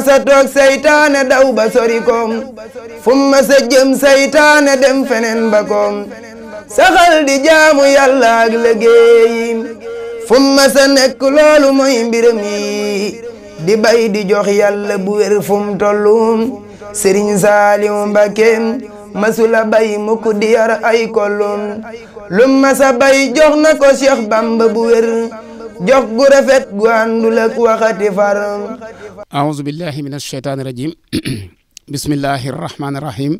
ma sa toog saytaane daw ba sori koom ma sa jëm saytaane dem feneen ba koom saxal di jaamu yàlla ak liggéey fu ma sa nekk loolu mooy mbiram yi di bay di jox yàlla bu wér fu mu tollum sëriñ Saaliw Mbakeem masula bay mukk di ay kollum lu ma sa bay jox na ko Cheikh Bamba bu wér jox gu rafet gu àndul ak waxati far aouzu billahi min asheytaani rajim bismillahi rahmaani rahim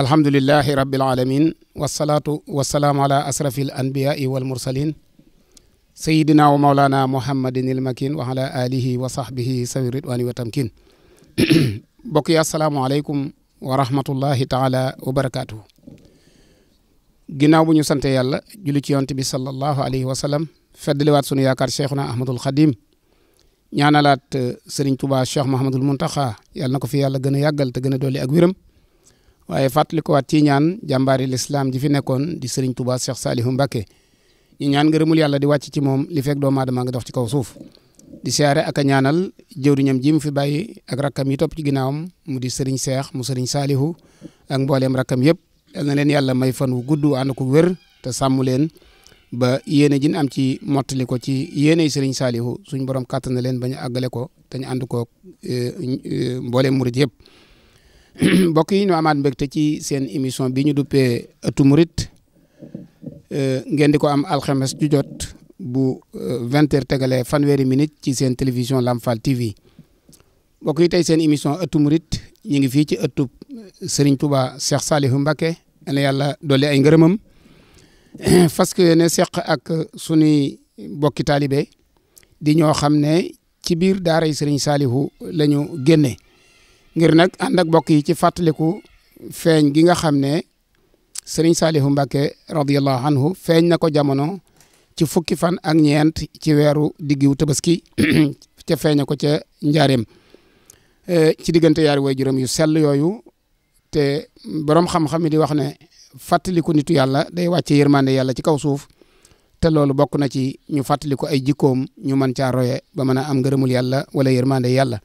alhamdulilahi rabbil alamin wasalaatu wasalaamu ala asrafi al anbiyai wal wa maulana muhammadin il makin wa ala alihi wa sahbihi sawi ridwani wa tamkin mbokk yi asalaamualeykum wa rahmatullahi taala wa barakaatuhu ginnaaw bu ñu sante yàlla julli ci yonte bi sallallahu alayhi wa sallam feddliwaat sunu yaakaar cheikhuna ahmadul xadim ñaanalaat eh, sëriñ Tuubaa cheikh mahamadul muntaxa yàlla na ko fi yàlla gën a yàggal te gën a dolli ak wéram waaye waat ci ñaan jàmbaari lislaam ji fi nekkoon di sëriñ Tuubaa cheikh saalihu mbake ñu ñaan ngërëmul yàlla di wàcc ci moom li fekk doomu aadama nga dox ci kaw suuf di siyaare ak a ñaanal jëwriñam ji mu fi bàyyi ak rakkam yi topp ci ginnaawam mu di sëriñ Cheikh mu sëriñ Saalihu ak mbooleem rakkam yëpp yal na leen yàlla may fan wu gudd ànd ko wér ba yéene jin am ci mottali ko ci yéeney sëriñ Saalihu suñ borom kàttan leen bañ a àggale ko te ñu ànd ko eh, mboolem murit yëpp mbokk yi ñu amaat mbégte ci seen émission bi ñu duppee ëttu murit eh, ngeen di ko am alxames ju jot bu eh, vingt heures tegalee fanweeri minit ci seen télévision Lamfal TV mbokk yi tey seen émission ëttu murit ñu ngi fii ci ëttub sëriñ Touba Cheikh Saalihu Mbacké na yàlla dolli ay ngërëmam fas yéene seq ak sunuy bokki taalibe di ñoo xam ne ci biir daaray sëriñ Saalihu la ñu génne ngir nag ànd ak bokk yi ci fàttaliku feeñ gi nga xam ne sëriñ Saalihu Mbàkke radiyallahu anhu feeñ na ko jamono ci fukki fan ak ñeent ci weeru diggiw tabaski ca feeña ko ca njaareem eh, ci diggante yaari waajuram yu sell yooyu te borom xam-xam yi di wax ne fàttaliku nitu yàlla day wàcce yërmande yàlla ci kaw suuf te loolu bokk na ci ñu fàttaliku ay jikkoom ñu mën caa roye ba mën a am ngërëmul yàlla wala yërmande yàlla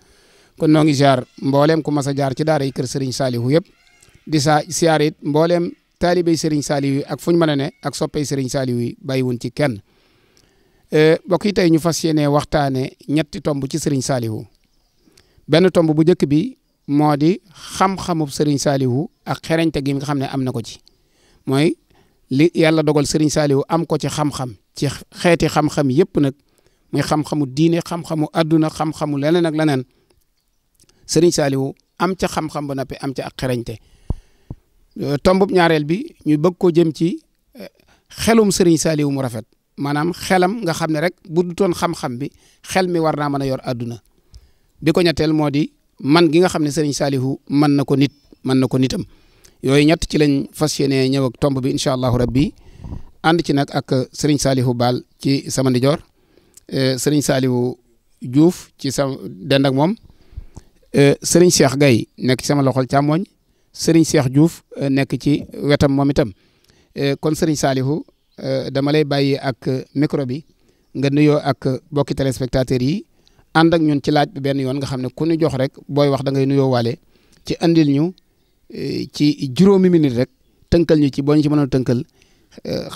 kon noo ngi jaar mbooleem ku mas a jaar ci daara yi kër Serigne Saliou yëpp di saa siyaar mbooleem taalibey Serigne Saliou yi ak fu ñu mën a ne ak soppey Serigne Saliou yi bàyyiwun ci kenn e, mbokk yi tey ñu fas yéene waxtaane ñetti tomb ci Serigne Saliou benn tomb bu njëkk bi moo di xam-xamub Serigne Saliou ak xereñte gi nga xam ne am na ko ci mooy li yàlla dogal sëriñ saaliwu am ko ci xam-xam ci xeeti xam-xam yëpp nag muy xam-xamu diine xam-xamu adduna xam-xamu leneen ak leneen sëriñ Saliou am ca xam-xam ba noppi am ci ak xerañte euh, tombub ñaareel bi ñu bëgg ko jëm ci euh, xelum sëriñ Saliou mu rafet maanaam xelam nga xam ne rek bu dutoon xam-xam bi xel mi war naa mën a yor adduna bi ko ñetteel moo di man gi nga xam ne sëriñ Saliou mën na ko nit mën na ko nitam yooyu ñett ci lañ fas yéenee ñëw ak tomb bi incha allahu rabbi ànd ci nag ak sëriñ Salihu Baal ci sama ndijoor e, sëriñ Salihu Diouf ci sama dend ak moom e, sëriñ Cheikh Gaye nekk ci sama loxol càmmooñ sëriñ Cheikh Diouf e, nekk ci wetam moom itam kon sëriñ Salihu dama lay bàyyi ak micro bi nga nuyoo ak bokki téléspectateurs yi ànd ak ñun ci laaj bi benn yoon nga xam ne ku nu jox rek booy wax dangay nuyoo waale ci indil ñu ci juróomi minute rek tënkal ñu ci boo ñu ci mënoon tënkal eh,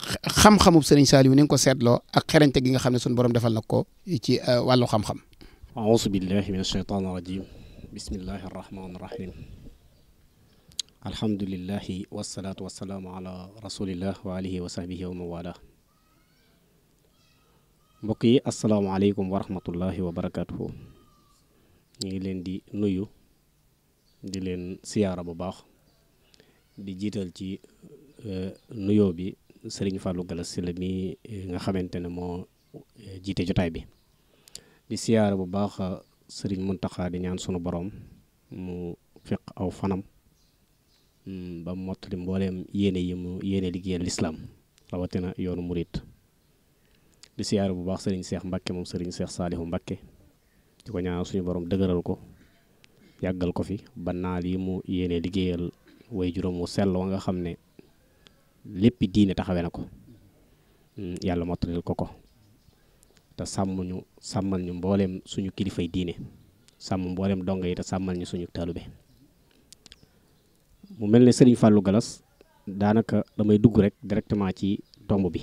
xam-xamub sëriñ Saliou ni nga ko seetloo ak xerañte gi nga xam ne suñu borom defal na ko ci eh, wàllu xam-xam. aouzu billahi min ashaytaani rajim bismillahi rahmaani rahim alhamdulillahi wasalaatu wasalaamu ala rasulillah wa alihi wa sahbihi wa mawala mbokk yi asalaamaaleykum wa rahmatullahi wa ngi leen di nuyu di leen siyaara bu baax di jiital ci e, nuyoo bi sëriñ Fallou Galass Sylla mi e, nga xamante ne moo e, jiite jotaay bi di siyaara bu baax sëriñ Mountakha di ñaan suñu boroom mu fiq aw fanam mm, ba mottali mbooleem yéene yi mu yéene liggéeyal lislaam rawatina yoonu murit di siyaara bu baax sëriñ Seex Mbakke moom sëriñ Seex Saalihu Mbakke di ko suñu borom dëgëral ko yàggal ko fi ba naal yi mu yéene liggéeyal way juróom wu sell wa nga xam ne léppi diine taxawe na ko mm, yàlla mottalil ko ko te sàmm ñu sàmmal ñu mbooleem suñu kilifay diine sàmm mbooleem donga yi te sàmmal ñu suñu taalube mu mel ne sëriñ fàllu Galas daanaka damay dugg rek directement ci tomb bi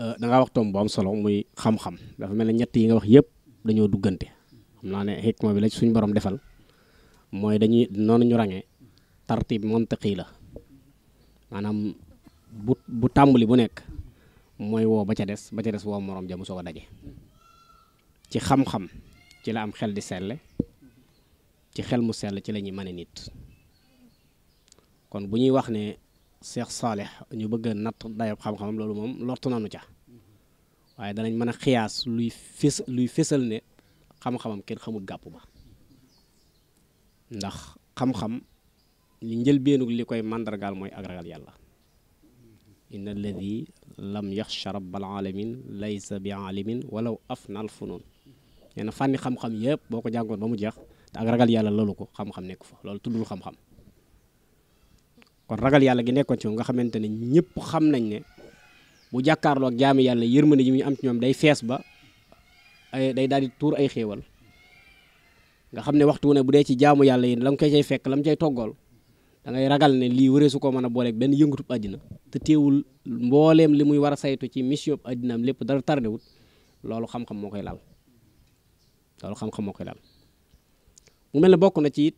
euh, da wax tomb bu am solo muy xam-xam dafa mel ne ñett yi nga wax yëpp dañoo duggante xam naa ne xikma bi la suñu borom defal mooy dañuy noonu ñu ràññee tartib mantiqi la maanaam bu bu tàmbali bu nekk mooy woo ba ca des ba ca des woo morom jamu mu soog daje ci xam-xam ci la am xel di selle ci xel mu sell ci la ñuy mane nit kon bu ñuy wax ne Seex Saalix ñu bëgg a natt dayob xam-xamam loolu moom lortu nañu ca waaye danañ mën a xiyaas luy fés luy fésal ne xam xam kenn xamul gàpp ba ndax xam-xam li njëlbeenug li koy màndargaal mooy ak ragal yàlla inna alladi lam yaxsha rabbal alamin laysa bi alimin walaw afnal funun nee na fànni xam-xam yëpp boo ko jàngoon ba mu jeex te ak ragal yàlla loolu ko xam-xam nekk fa loolu tuddul xam-xam kon ragal yàlla gi nekkoon ci moom nga xamante ne ñëpp xam nañ ne bu jàkkaarloo ak yàlla yërmande yi mu am ci ñoom day fees ba ay day daal di tuur ay xéewal nga xam ne waxtu wu ne bu dee ci jaamu yàlla yi la nga koy cay fekk la mu cay toggal da ragal ne lii wëree su ko mën a booleeg benn yëngatub àddina te teewul mbooleem li muy war a saytu ci mission bu àddinaam lépp dara tardé wut loolu xam-xam moo koy laal loolu xam moo koy laal mu mel ne bokk na ci it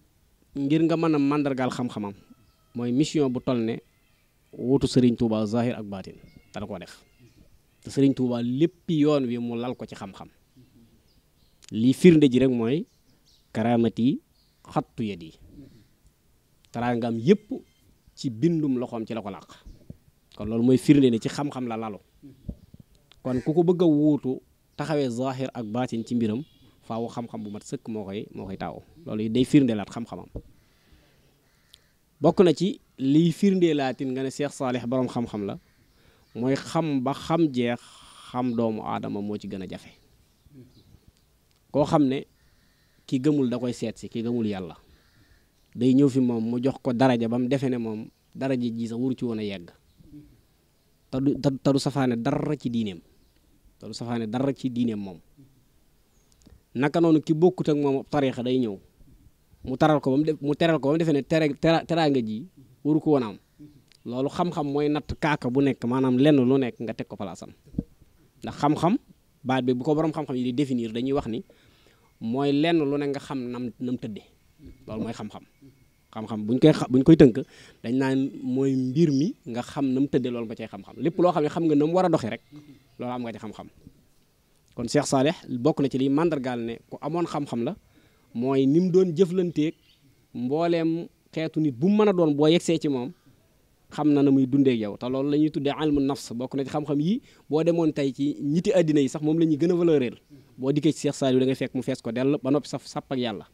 ngir nga mën a màndargaal xam-xamam mooy mission bu toll ne wutu sëriñ Touba Zahir ak Batin dana ko def te Serigne Touba lépp yoon wi mu lal ko ci xam lii firnde ji rek mooy karaamati xattu yet yi taraangam yépp ci bindum loxoom ci la ko làq kon loolu mooy firnde ne ci xam-xam la lalu kon ku ko bëgg wuutu taxawee zahir ak baatin ci mbiram faawu xam-xam bu mat sëkk moo koy moo koy taaw loolu it day firndeelaat xam-xamam bokk na ci liy firndeelaatin nga ne Seex Saalix boroom xam-xam la mooy xam ba xam jeex xam doomu aadama moo ci gën a jafe koo xam ne ki gëmul da koy seet si ki gëmul yàlla day ñëw fi moom mu jox ko daraja ba mu defee ne moom daraja ji sax waru ci woon a yegg te du te du safaane dara ci diineem te du safaane dara ci diineem moom naka noonu ki bokkut ak moom tariixa day ñëw mu taral ko ba mu mu teral ko ba mu defee ne teraanga ji waru ko woon am loolu xam-xam mooy natt kaaka bu nekk maanaam lenn lu nekk nga teg ko palaasam ndax xam-xam baat bi bu ko borom xam-xam yi di définir dañuy wax ni mooy lenn lu ne nga xam nam nam tëdde loolu mooy xam-xam xam-xam buñ koy koy tënk dañ naan mooy mbir mi nga xam nam tëdde loolu nga cay xam-xam lépp loo xam ne xam nga nam war a doxee rek loolu am nga ci xam-xam kon Cheikh Saleh bokk na ci liy màndargaal ne ku amoon xam-xam la mooy ni mu doon jëflanteeg mbooleem xeetu nit bu mu mën a doon boo yegsee ci moom xam na na muy dundeek yow te loolu la ñuy tuddee almu nafs bokk na ci xam-xam yi boo demoon tey ci ñitti àddina yi sax moom la ñuy gën a valeuréel boo dikkee ci Cheikh Saliou da ngay fekk mu fees ko dell ba noppi saf sàpp yàlla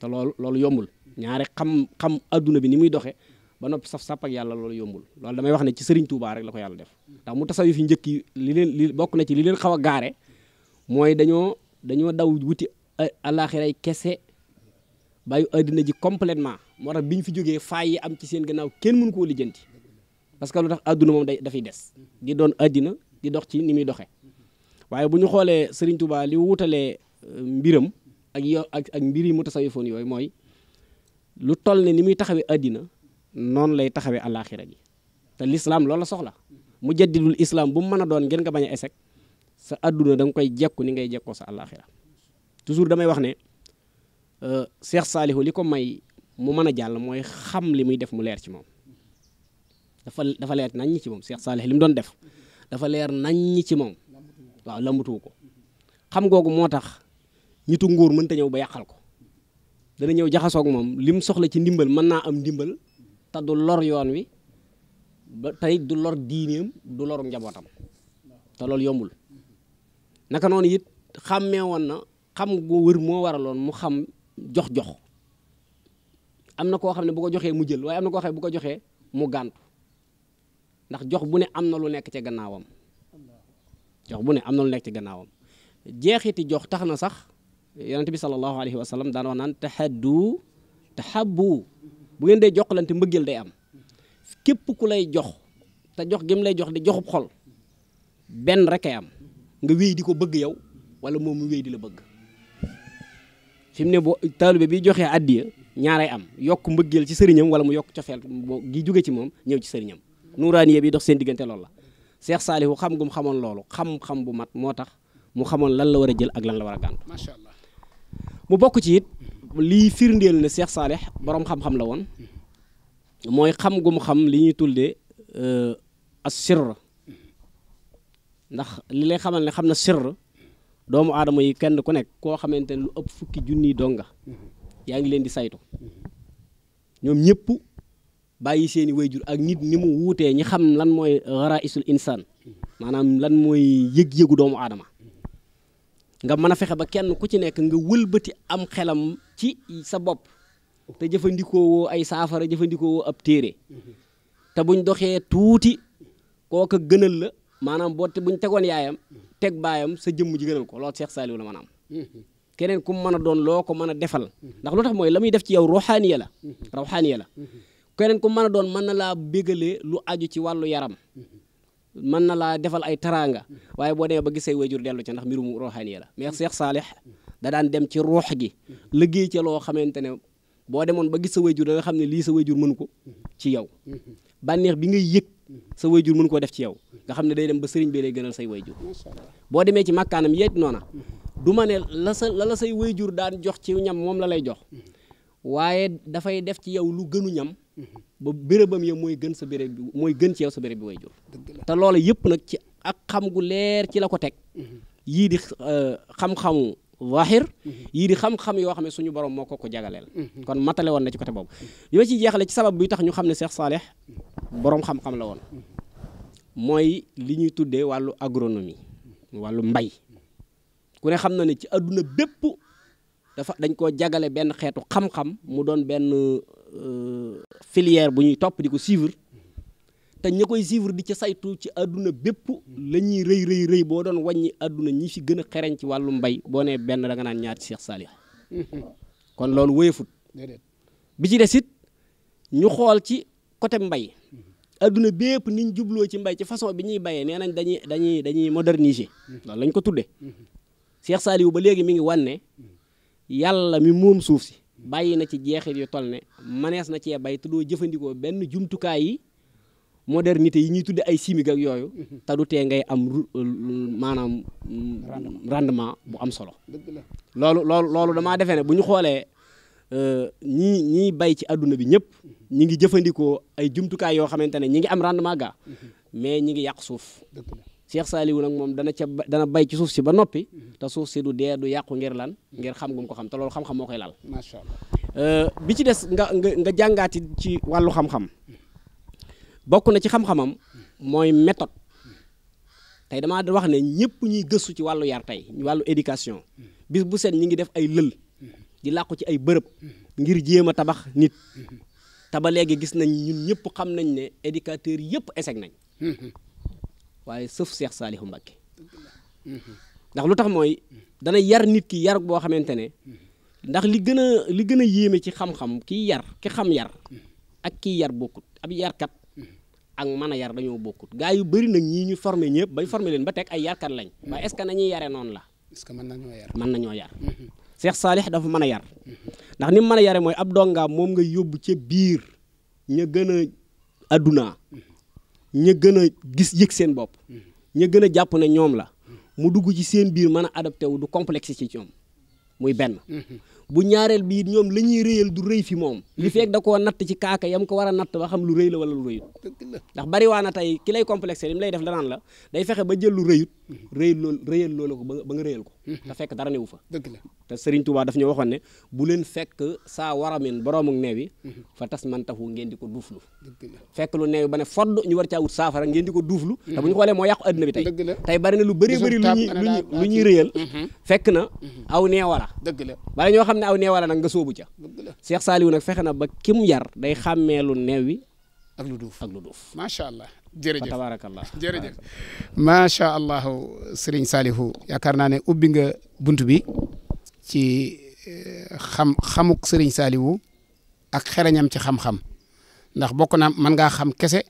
te lool loolu yombul ñaare xam xam adduna bi ni muy doxee ba noppi saf sàpp yàlla loolu yombul loolu damay wax ne ci Serigne Touba rek la ko yàlla def ndax mu tasaw fi njëkk yi li leen li bokk na ci li leen xaw a gaare mooy dañoo dañoo daw wuti alaxiray kese bàyyi àddina ji complètement moo tax bi ñu fi jógee faay yi am ci seen gannaaw kenn mënu koo lijjanti parce que lu tax àdduna moom day dafay des di doon àddina di dox ci ni muy doxee waaye bu ñu xoolee Serigne Touba li wutalee euh, mbiram ak yo ak ak mbiri mutasawifoon yooyu mooy lu toll ne ni muy taxawee àddina noonu lay taxawee àllaaxira gi te lislaam lool la soxla mu jaddidul islam bu mu mën a doon ngeen nga bañ a esek sa àdduna da nga koy jekku ni ngay jekkoo sa àllaaxira toujours damay wax ne euh, Cheikh Salihu li ko may mu mën a jàll mooy xam li muy def mu leer ci moom dafa dafa leer nañ ci moom Cheikh Salih li mu doon def dafa leer nañ ci moom waaw lambatuwu ko xam googu moo tax ñitu nguur mën mënta ñëw ba yàqal ko dana ñëw jaxasoog moom lim soxla ci ndimbal mën naa am ndimbal te du lor yoon wi ba tey du lor diineem du loru njabootam te loolu yombul naka noonu it xàmmee woon na xam gu wër moo waraloon mu xam jox-jox am na koo xam ne bu ko joxee mu jël waaye am na koo xam ne bu ko joxee mu gàntu ndax jox bu ne am na lu nekk ci gannaawam jox bu ne am na nekk ci gannaawam jeexiti jox tax na sax yonente bi sallallahu alayhi wa sallam daan wax naan tahaddu tahabbu bu ngeen dee joxlante mbëggeel day am képp ku lay jox te jox gim lay jox di joxub xol benn rek am nga wéy di ko bëgg yow wala moom mu wéy di la bëgg fi ne boo taalibe bi joxee addiya ñaaree am yokk mbëggeel ci sëriñam wala mu yokk cofeel gi jóge ci moom ñëw ci sëriñam nuuraaniye bi dox seen diggante loolu la Seex Saalihu xam gum xamoon loolu xam-xam bu mat moo tax mu xamoon lan la war a jël ak lan la war a gànt allah mu bokk ci it lii firndeel ne Seex Saalih boroom xam-xam la woon mooy xam gum xam li ñuy tuddee euh, as sirr ndax li lay xamal ne xam na sirr doomu aadama yi kenn ku nekk koo xamante ne lu ëpp fukki junniy donga yaa ngi leen di saytu ñoom ñëpp bàyyi seeni wayjur ak nit ni mu wuutee ñi xam lan mooy raraisul insaan maanaam lan mooy yëg-yëgu doomu aadama nga mën a fexe ba kenn ku ci nekk nga wëlbati am xelam ci sa bopp te jëfandikoo ay saafara jëfandikoo ab téere te buñ doxee tuuti kooka gënal la maanaam boo te buñ tegoon yaayam teg baayam sa jëmm ji gënal ko loolu Seex Saaliw la maanaam mm-hmm. keneen ku mën a doon loo ko mën a defal ndax lu tax mooy la muy def ci yow ruuxaaniya la ruuxaaniya la keneen ku mën a doon mën na laa béggale lu aju ci wàllu yaram mën na laa defal ay taraanga waaye boo demee ba gis say wayjur dellu ca ndax mbirum ruuxaaniya la mais Seex Saalix da dem ci ruux gi liggéey ca loo xamante ne boo demoon ba gis sa wayjur da nga xam ne lii sa wayjur mënu ko ci yow bànneex bi ngay yëg sa wayjur mënu koo def ci yow nga xam ne day dem ba sëriñ bi lay gënal say wayjur boo demee ci makkaanam yeet noona du ma ne la sa la la say wayjur daan jox ci ñam moom la lay jox waaye dafay def ci yow lu gënu ñam ba bérébam yow mooy gën sa béréb bi mooy gën ci yow sa béréb bi wayjur te loola yëpp nag ci ak xam leer ci la ko teg mm-hmm. yii di euh, xam-xamu waaxir mm-hmm. yii di xam yoo xam ne suñu borom moo ko ko jagaleel mm-hmm. kon matale woon na ci côté boobu yoo ci jeexale ci sabab buy tax ñu xam ne Seex Saalix boroom xam-xam la woon mooy li ñuy tuddee wàllu agronomie wàllu mbay ku xam na ne ci àdduna bépp dañ koo jagale benn xeetu xam mu doon benn euh, filière bu ñuy topp di te ñi koy suivre di ci saytu ci àdduna bépp la rëy rëy rëy boo doon wàññi àdduna ñi fi gën a xereñ ci wàllu mbay boo nee benn da nga naan ñaar ci Cheikh kon loolu wéyefut bi ci des ñu xool ci côté mbay adduna bépp niñ jubloo ci mbay ci façon bi ñuy bayee nee nañ dañuy dañuy dañuy moderniser mmh. loolu lañ ko tuddee mmh. Cheikh Saliou ba léegi mu ngi wan ne yàlla mi moom suuf si bàyyi na ci jeexit yu toll ne manees na cee bay te doo jëfandikoo benn jumtukaay yi modernité yi ñuy tudde ay chimique ak yooyu te du tee ngay am euh, maanaam rendement bu am solo loolu loolu loolu damaa defee ne bu ñu xoolee euh, ñii ñiy bay ci adduna bi ñëpp ñi ngi jëfandikoo ay jumtukaay yoo xamante ne ñi ngi am rendement ga mais ñi ngi yàq suuf Cheikh Saliou nag moom dana ca dana bay ci suuf si ba noppi te suuf si du dee du yàqu ngir lan ngir xam gum ko xam te loolu xam-xam koy laal macha allah euh, bi ci des nga nga nga jàngaati ci wàllu xam bokk na ci xam mooy méthode tey dama wax ne ñëpp ñuy gëstu ci wàllu yar tey wàllu éducation bis bu set ñu ngi def ay lël di làqu ci ay bërëb ngir jéem a tabax nit te ba léegi gis nañ ñun ñëpp xam nañ ne éducateurs yëpp échec nañ waaye sëf Seex Saalihu Mbàkke ndax lu tax mooy dana yar nit ki yar boo xamante ne ndax li gën a li gën a yéeme ci xam-xam kiy yar ki xam yar ak kiy yar bokkut ab yarkat ak man a yar dañoo bokkut gaa yu bari nag ñii ñu formé ñëpp bañ formé leen ba teg ay yarkat lañ waaye est-ce nañuy yare noonu la est que mën nañoo yar mën nañoo yar Seex mhm. Saalix dafa mën a yar ndax ni mu mën a yare mooy ab dongaam moom nga yóbbu ca biir ñu gën a addunaa mhm. ña gën a gis yëg seen bopp mm-hmm. ña gën a jàpp ne ñoom la mu dugg ci seen biir mën a adapté wu du complexe ci ñoom muy benn mm-hmm. bu ñaareel bi ñoom la ñuy réyal du rëy fi moom li mm-hmm. fekk da koo natt ci kaaka yam ko war a natt ba xam lu rëy la wala lu rëyut ndax bari waa na tey ki lay complexé li mu lay def danaan la day fexe ba jël lu rëyut rëyal loolu rëyal loolu ko ba nga rëyal ko te fekk dara newu fa dëgg la te Serigne Touba daf ñu waxoon ne bu leen fekk saa waramin boroomu neew yi fa tas man taxu ngeen di ko duuflu fekk lu neew ba ne fodd ñu war caa wut saafara di ko duuflu te bu ñu xoolee moo yàqu adduna bi tey bari na lu bëri bëri lu ñuy lu ñuy rëyal mhm. fekk na aw neewala dëgg la bari ñoo xam ne aw neewala nag nga soobu ca Cheikh Saliou nag fexe na ba kim yar day xàmmee lu neew wi ak lu duuf ak lu duuf jërëjëf tabarakallah jërëjëf macha allah sëriñ Salihu yaakaar naa ne ubbi nga bunt bi ci eh, xam xamuk sëriñ Salihu ak xereñam ci xam-xam ndax bokk na mën ngaa xam kese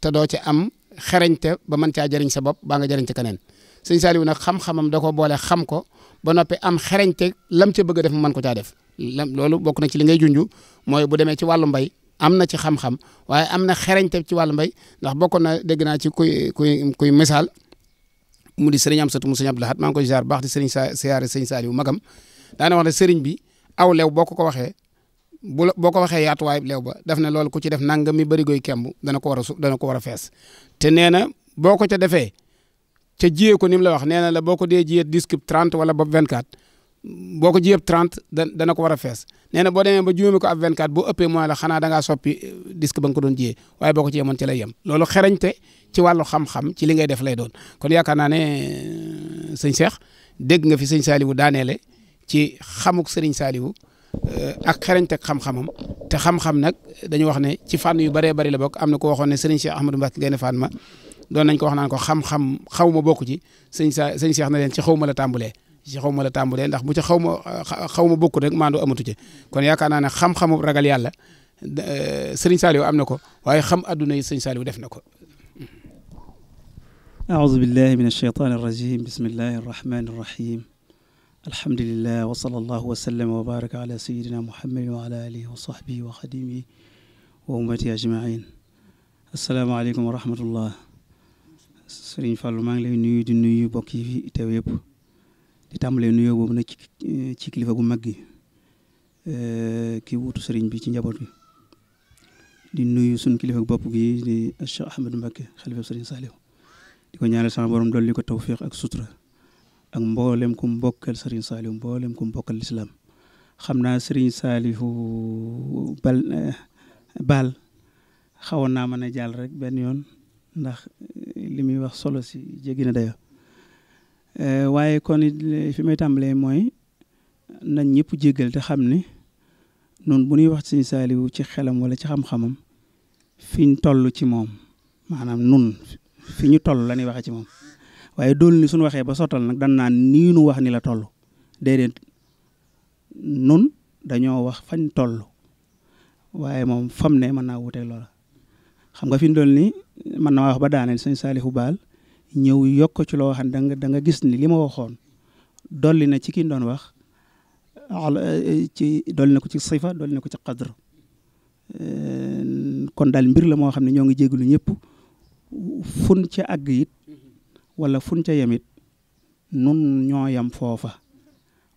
te doo ci am xereñte ba mën caa jëriñ sa bopp baa nga jëriñ ci keneen sëriñ Salihu nag xam-xamam da ko boole xam ko ba noppi am xereñte lam ca bëgg def mu mën ko caa def. loolu bokk na ci li ngay junj mooy bu demee ci wàllu mbay. am na ci xam-xam waaye am na xereñte ci wàllu mbéy ndax bokkoon na dégg naa ci kuy kuy kuy misaal mu di sëriñ Amsatu mu sëriñ Abdou laat maa ngi koy ziar baax di sëriñ sa siyaare sëriñ Saliou magam daana wax na sëriñ bi aw lew boo ko ko waxee bu la boo ko waxee yaatuwaay leew ba def na loolu ku ci def nangam mi bëri goy kemb dana ko war su dana ko war a fees te nee na boo ko ca defee ca jiyee ko ni mu la wax nee na la boo ko dee jiyee disque 30 wala bopp 24 boo ko jiyee 30 dana ko war a fees nee na boo demee ba juumee ko ab 24 boo ëppee mooy la xanaa da ngaa soppi euh, disque ba ko doon jiyee waaye boo ko ci yemoon ci lay yem loolu xerañte ci wàllu xam-xam ci li ngay def lay doon kon yaakaar naa ne euh, sëñ Cheikh dégg nga fi sëñ Saliou daaneele ci xamuk sëriñ Saliou euh, ak xerañteg xam-xamam te xam-xam nag dañu wax ne ci fànn yu bëree bëri la bokk am na ko waxoon ne sëriñ Cheikh Ahmadou Mbacke Gaïndé Fatma doon nañ ko wax naan ko xam-xam xaw ma bokku ci sëñ sa sëñ seex na leen ci xaw ma la tàmbalee ci xaw ma la tàmbalee ndax bu ca xaw ma xaw ma bokkul rek maandu amatu ca kon yaakaar naa ne xam-xamu ragal yàlla euh, sëriñ Saliou am na ko waaye xam adduna yi sëriñ Saliou def na ko. أعوذ بالله من الشيطان الرجيم بسم الله الرحمن الرحيم الحمد لله وصلى الله وسلم وبارك على سيدنا محمد وعلى آله وصحبه وخديمه وأمته أجمعين السلام عليكم ورحمة الله sëriñ Fallou maa ngi lay nuyu di nuyu bokk yi teew yëpp di tàmbalee nuyoo boobu na ci kilifa gu mag gi eh, ki wuutu sëriñ bi ci njaboot bi di nuyu suñ kilifa bopp gi di Cheikh Ahmadou Mbacké xalifa sëriñ Saliou di ko ñaar ñaanal sama borom dolli ko tawfiq ak sutura ak mboolem ku mbokkal sëriñ Saliou mboolem ku mbokkal lislaam xam naa sëriñ saali bal eh, baal xawoon naa mën a jàll rek benn yoon ndax eh, li muy wax solo si jéggi na dayo Euh, waaye kon fi may tàmbalee mooy nañ ñëpp jéggal te xam ni noonu bu ñuy wax Sëñ Saaliwu ci xelam wala ci xam-xamam fi ñu toll ci moom maanaam nun fi ñu toll la ñuy waxee ci moom waaye dool ni suñu waxee ba sottal nag dan naan nii nu wax ni la toll déedéet nun dañoo wax fañ toll waaye moom fam ne mën naa wuteeg loola xam nga fi ñu dool ni mën na wax ba daaneel Sëñ Saaliwu baal ñëw yokk ci loo xam da nga da nga gis ni li ma waxoon dolli na ci ki doon wax ci dolli na ko ci sifa dolli na ko ci qadr kon daal mbir la moo xam ne ñoo ngi jégalu ñépp fun ca àgg it wala fun ca yemit it nun ñoo yem foofa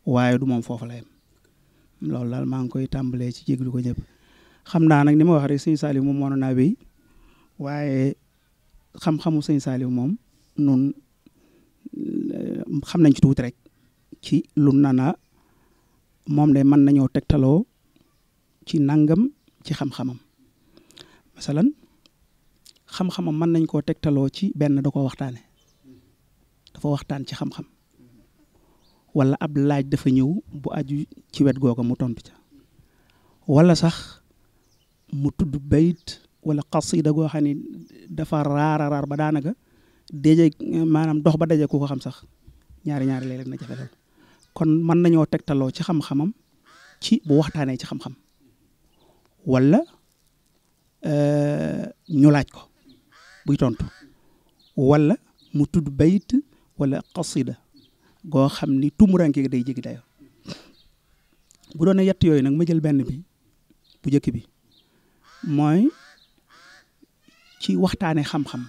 waaye du moom foofa la yem loolu daal maa ngi koy tàmbalee ci jégalu ko ñëpp xam naa nag ni ma wax rek sëñ Saliou moom moo naa wéy waaye xam-xamu sëñ Saliou moom nun xam nañ ci tuuti rek ci lu nana moom de mën nañoo tegtaloo ci nangam ci xam-xamam masalan xam-xamam mën nañ koo tegtaloo ci benn da ko waxtaane dafa waxtaan ci xam-xam wala ab laaj dafa ñëw bu aju ci wet googa mu tontu ca wala sax mu tudd bayit wala xasida goo xam ne dafa raara raar ba daanaka déje maanaam dox ba daje ku ko xam sax ñaari ñaari léeg-léeg na jafe kon mën nañoo tegtaloo ci xam ci waxtaanee ci xam-xam wala euh, ñu laaj ko buy tontu wala mu tudd bayit walla qasida goo xam ni tumuranke day jéggi dayo bu doone yett yooyu nag ma jël benn bi bu njëkk bi mooy ci waxtaanee xam-xam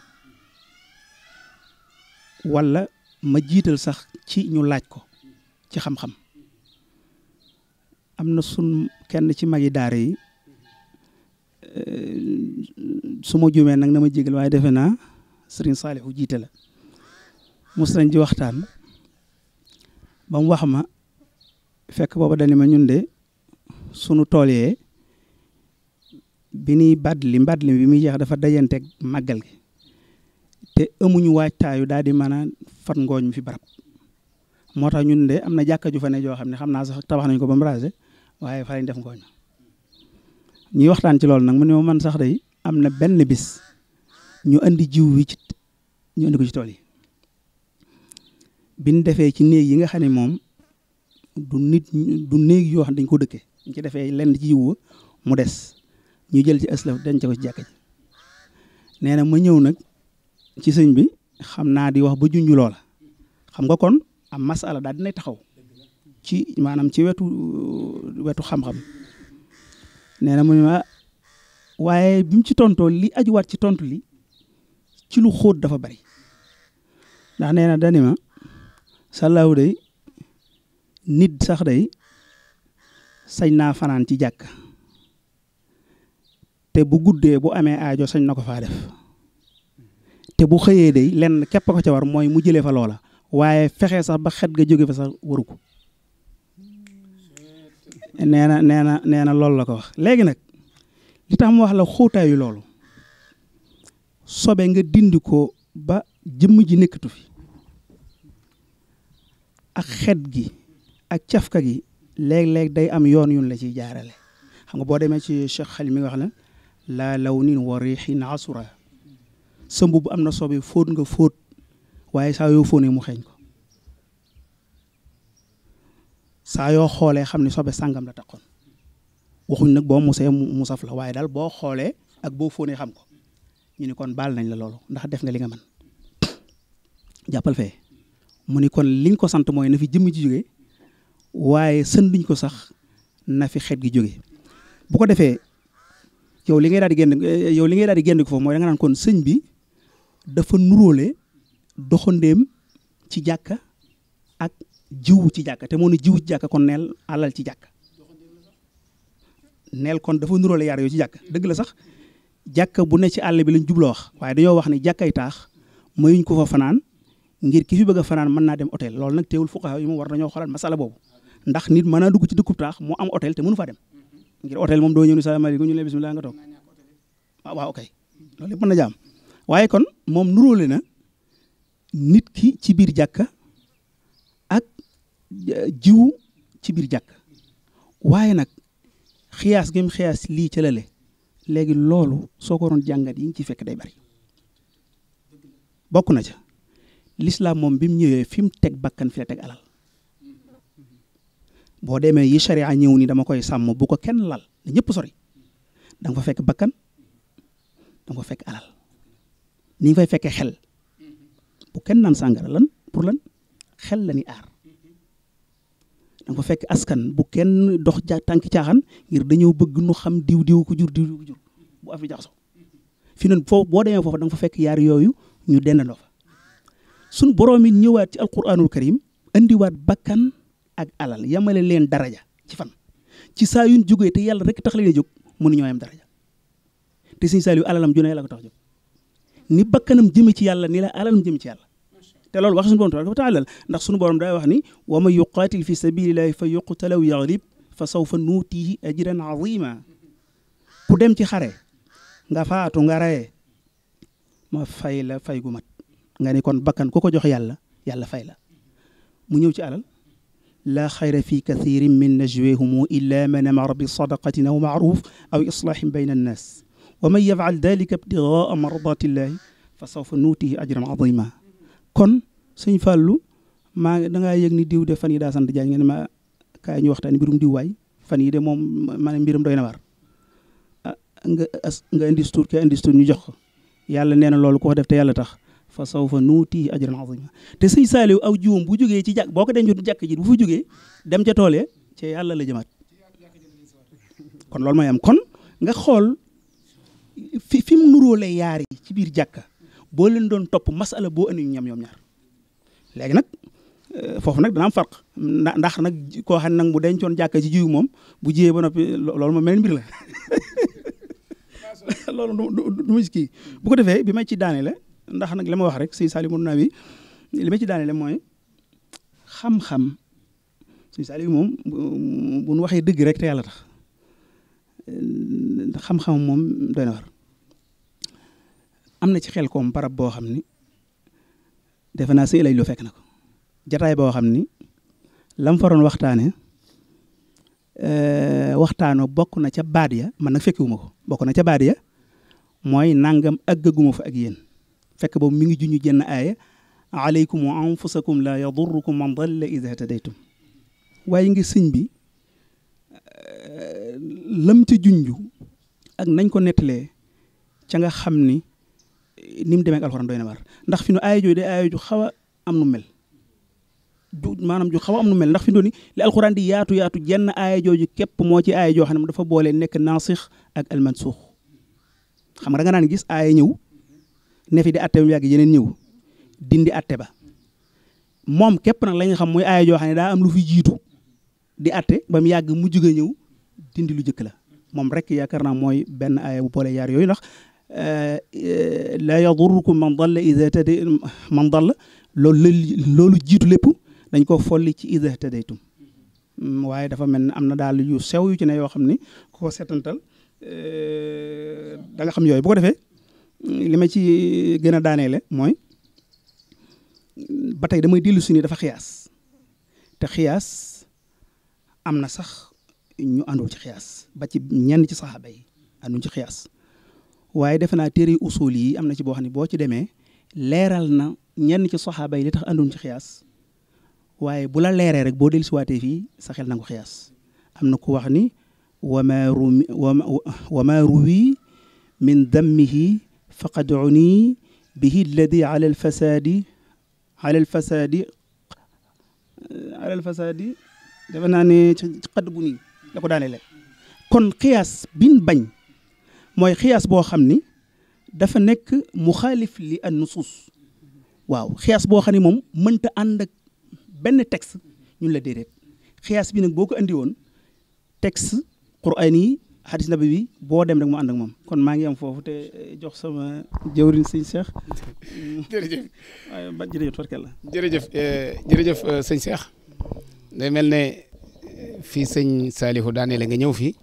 walla ma jiital sax ci ñu laaj ko ci xam-xam am na sun kenn ci magi daara yi eh, su ma jumee nag na ma jégal waaye defe naa sëriñ Saalihu jiite la mu nañ ji waxtaan ba wax ma fekk booba dañu ma ñun de sunu tool yee bi ñuy badli mbadli bi muy jeex dafa dajanteeg màggal gi te amuñu waajtaayu daal di mën a fat ngooñ mi fi barab moo tax ñun de am na jàkka ju fa ne joo xam ne xam naa sax tabax nañ ko ba mu waaye fa def ngooñ ñuy waxtaan ci loolu nag mu ne man sax day am na benn bis ñu andi jiw wi ci ñu ci tool yi biñ defee ci néeg yi nga xam ne moom du nit du néeg yoo xam dañ koo dëkkee ñu ci defee lenn ci jiw mu des ñu jël ci aslaf denc ko ci jàkka ji nee na ma ñëw nag ci sëñ bi xam naa di wax ba junju loola xam nga kon am masala daal dinay taxaw ci maanaam ci wetu wetu xam-xam nee na mu ne ma waaye bi ci tontoo li ajuwaat ci tontu li ci lu xóot dafa bari ndax nee na dani ma sallaahu day nit sax day sañ naa fanaan ci jàkk te bu guddee bu amee aajo sañ na ko faa def bu xëyee day lenn képp ko ca war mooy mu jëlee fa loola waaye fexe sax ba xet ga jóge fa sax waru ko nee na nee na nee na loolu la ko wax léegi nag li tax mu wax la xóotaayu loolu sobe nga dindi ko ba jëmm ji nekkatu fi ak xet gi ak cafka gi léeg-léeg day am yoon yun la ciy jaarale xam nga boo demee ci Cheikh Xalil mi nga wax ne laa law nin wa riixin asura sa mbubb am na sobe fóot nga fóot waaye saa yoo fóonee mu xeeñ ko saa yoo xoolee xam ne sobe sàngam la taxoon waxuñ nag boo musee mu saf la waaye daal boo xoolee ak boo fóonee xam ko ñu ni kon baal nañ la loolu ndax def nga li nga man jàppal fee mu ni kon liñ ko sant mooy na fi jëmm ji jóge waaye sën duñ ko sax na fi xet gi jóge bu ko defee yow li ngay daal di génn eh, yow li ngay daal di ko foofu mooy da naan kon sëñ bi dafa nuróole doxandéem ci jàkka ak jiwu ci jàkka te moo ne jiwu ci jàkka kon neel alal ci jàkka neel kon dafa nuróole yaar yoo ci jàkka dëgg la sax jàkka bu ne ci àll bi lañ jubla wax waaye dañoo wax ne jàkkay taax mayuñ ko fa fanaan ngir ki fi bëgg a fanaan mën naa dem hôtel lool nag teewul fuqaha yi moom war nañoo xoolaat masala boobu ndax nit mën naa dugg ci dëkkub taax moo am hôtel te mënu faa dem ngir hôtel moom doo ñëw ni salaamaaleykum ñu ne bisimilah nga ah, mën na jaam waaye kon moom nuróole na nit ki ci biir jàkka ak jiw ci biir jàkka waaye nag xiyaas gi mu xiyaas lii ca lale léegi loolu soo ko waroon jàngat yi ngi ci fekk day bari bokk na ca lislaam moom bi mu ñëwee fi mu teg bakkan fi la teg alal boo demee yi sharia ñëw nii dama koy sàmm bu ko kenn lal na ñëpp sori da fa fekk bakkan da nga fa fekk alal ni nga fay fekkee xel bu kenn naan sàngara lan pour lan xel la ñuy aar da fa fekk askan bu kenn dox ja tànk caaxaan ngir dañoo bëgg nu xam diw diw ko jur diw diw ko jur bu afi jaxso fi nan foofu boo demee foofa da nga fa fekk yaar yooyu ñu dendandoo fa sun borom it ñëwaat ci alquranul karim andiwaat bakkan ak alal yamale leen daraja ci fan ci saa yuñ jógee te yàlla rek tax leen a jóg mënu ñoo yam daraja te suñu saal alalam junne la ko tax jóg ni bakkanam jëme ci yàlla ni la alalam jëme ci yàlla te loolu wax suñu borom tabaraka wa taala ndax suñu borom day wax ni wa man yuqaatil fi sabilillahi fa yuqtalaw yaglib fa sawfa nuutihi ajran azima ku dem ci xare nga faatu nga rayee ma fayla la fay mat nga ni kon bakkan ku ko jox yàlla yàlla fay la mu ñëw ci alal laa xayra fi kathirin min najweehumu illa man amara bi sadaqatin aw maaruf aw islahin bayna annas wa man yafal dalika ibtigaa mardatillahi fa sawfa nuutihi ajran azima kon sëñ fàllu maa ngi dangaa yëg ni diw de fan yi daa sant jaañ nga ne ma kaay ñu waxtaan mbirum diw waay fan yi de moom ma ne mbirum doy na waar ah, nga nga indi sutur ka indi sutur ñu jox ko yàlla nee na loolu ko def te yàlla tax fa sawfa nuutihi ajran azima te sëñ saaliw aw jiwam bu jógee ci jàkk boo ko dencut jàkk ji bu fa jógee dem ca tool ya ca yàlla la jëmaat kon loolu mooy am fi fi mu nuróole yaar yi ci biir jàkka boo leen doon topp masala boo indi ñam ñoom ñaar léegi nag euh, foofu nag dana am farq ndax nag koo xam ne nag mu dencoon jàkka ci jiw moom bu jiwee ba noppi loolu moom meneen mbir la loolu du ma kii bu ko defee bi ma ci daanele ndax nag li ma wax rek si Saliou Nawi li ma ci daanele mooy xam-xam si Saliou moom bu nu waxee dëgg rek te yàlla tax xam-xam moom doy na war am na ci xel koom barab boo xam ni defe naa sëy lay lu fekk na ko jataay boo xam ni lam faroon waxtaane eh, waxtaanoo bokk na ca baat ya man na fekkiwuma ko bokk na ca baat ya mooy nangam àggaguma fa ak yéen fekk boobu mu ngi juñu jenn aaya alaykum wa anfusakum la yadurrukum man dalla ida tadaytum waaye ngi sëñ bi Euh, lam ca junju ak nañ ko nettalee ca nga xam ni ni mu demee ak alxuraan doy na war ndax fi nu aaya jooju day aaya ju xaw a am nu mel du maanaam ju xaw am nu mel ndax fi mu ni li alxuraan di yaatu yaatu jenn aaya jooju képp moo ci aaya joo xam ne dafa boole nekk naasix ak almansuux xam nga da naan gis aaya ñëw ne de di atte ba ñëw dindi atte ba moom képp nag la nga xam mooy aaya joo xam ne daa am lu fi jiitu di atte ba mu yàgg mu juga ñëw dindi lu jëkk la moom rek yaakaar naa mooy benn aaya bu boole yaar yooyu ndax la euh, yadurrukum man dalla iza htadi man loolu loolu jiitu lépp dañ ko folli ci iza htadaytum mm, waaye dafa mel ne am na daal yu sew yu ci ne yoo xam ni ko setantal euh, da xam yooyu bu ko defee li ma ci gën a daaneele mooy ba tey damay dellu si ni dafa xiyaas te xiyaas am na sax ñu àndul ci xiyaas ba ci ñenn ci saxaaba yi ànduñ ci xiyaas waaye defe naa téere usul yi am na ci boo xam ne boo ci demee leeral na ñenn ci saxaaba yi li tax ànduñ ci xiyaas waaye bu la leeree rek boo dellu siwaatee fii sa xel nangu xiyaas am na ku wax ni wama ru wama ruwi min dammihi faqad uni bihi alladi ala alfasadi ala alfasadi dafa naa ne ci xadd bu nii la ko daanee kon xias bin bañ mooy xiyaas boo xam ni dafa nekk muxaalif li an nusuus waaw xiyaas boo xam ne moom mënta ànd ak benn texte ñun la déedéet xiyaas bi nag boo ko andi woon texte quraan yi xadis nabi bi boo dem rek mu ànd moom kon maa ngi am foofu te eh, jox sama jëwriñ sëñ Cheikh. ba jërëjëf barkeel la. jërëjëf eh, jërëjëf eh, sëñ Cheikh day mel ne fii sëñ Salihu daaneele nga ñëw fii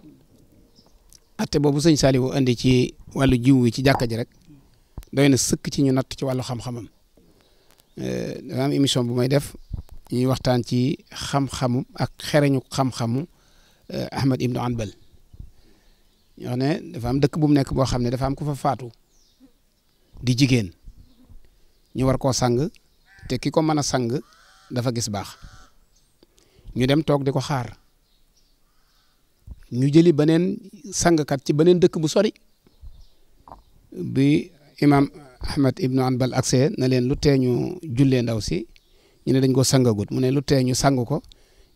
ate boobu sëñ Salihu indi ci wàllu jiw wi ci jàkka ji rek doy na sëkk ci ñu natt ci wàllu xam-xamam euh, dafa am émission bu may def ñuy waxtaan ci xam ak xereñu xam-xamu euh, ñoo ne dafa am dëkk bu mu nekk boo xam ne dafa am ku fa faatu di jigéen ñu war koo sang te ki ko mën a sang dafa gis baax ñu dem toog di ko xaar ñu jëli beneen sangkat ci beneen dëkk bu sori bi imam Ahmad ibnu Anbal akse na leen lu tee ñu jullee ndaw si ñu ne dañ ko sangagut mu ne lu tee ñu sang ko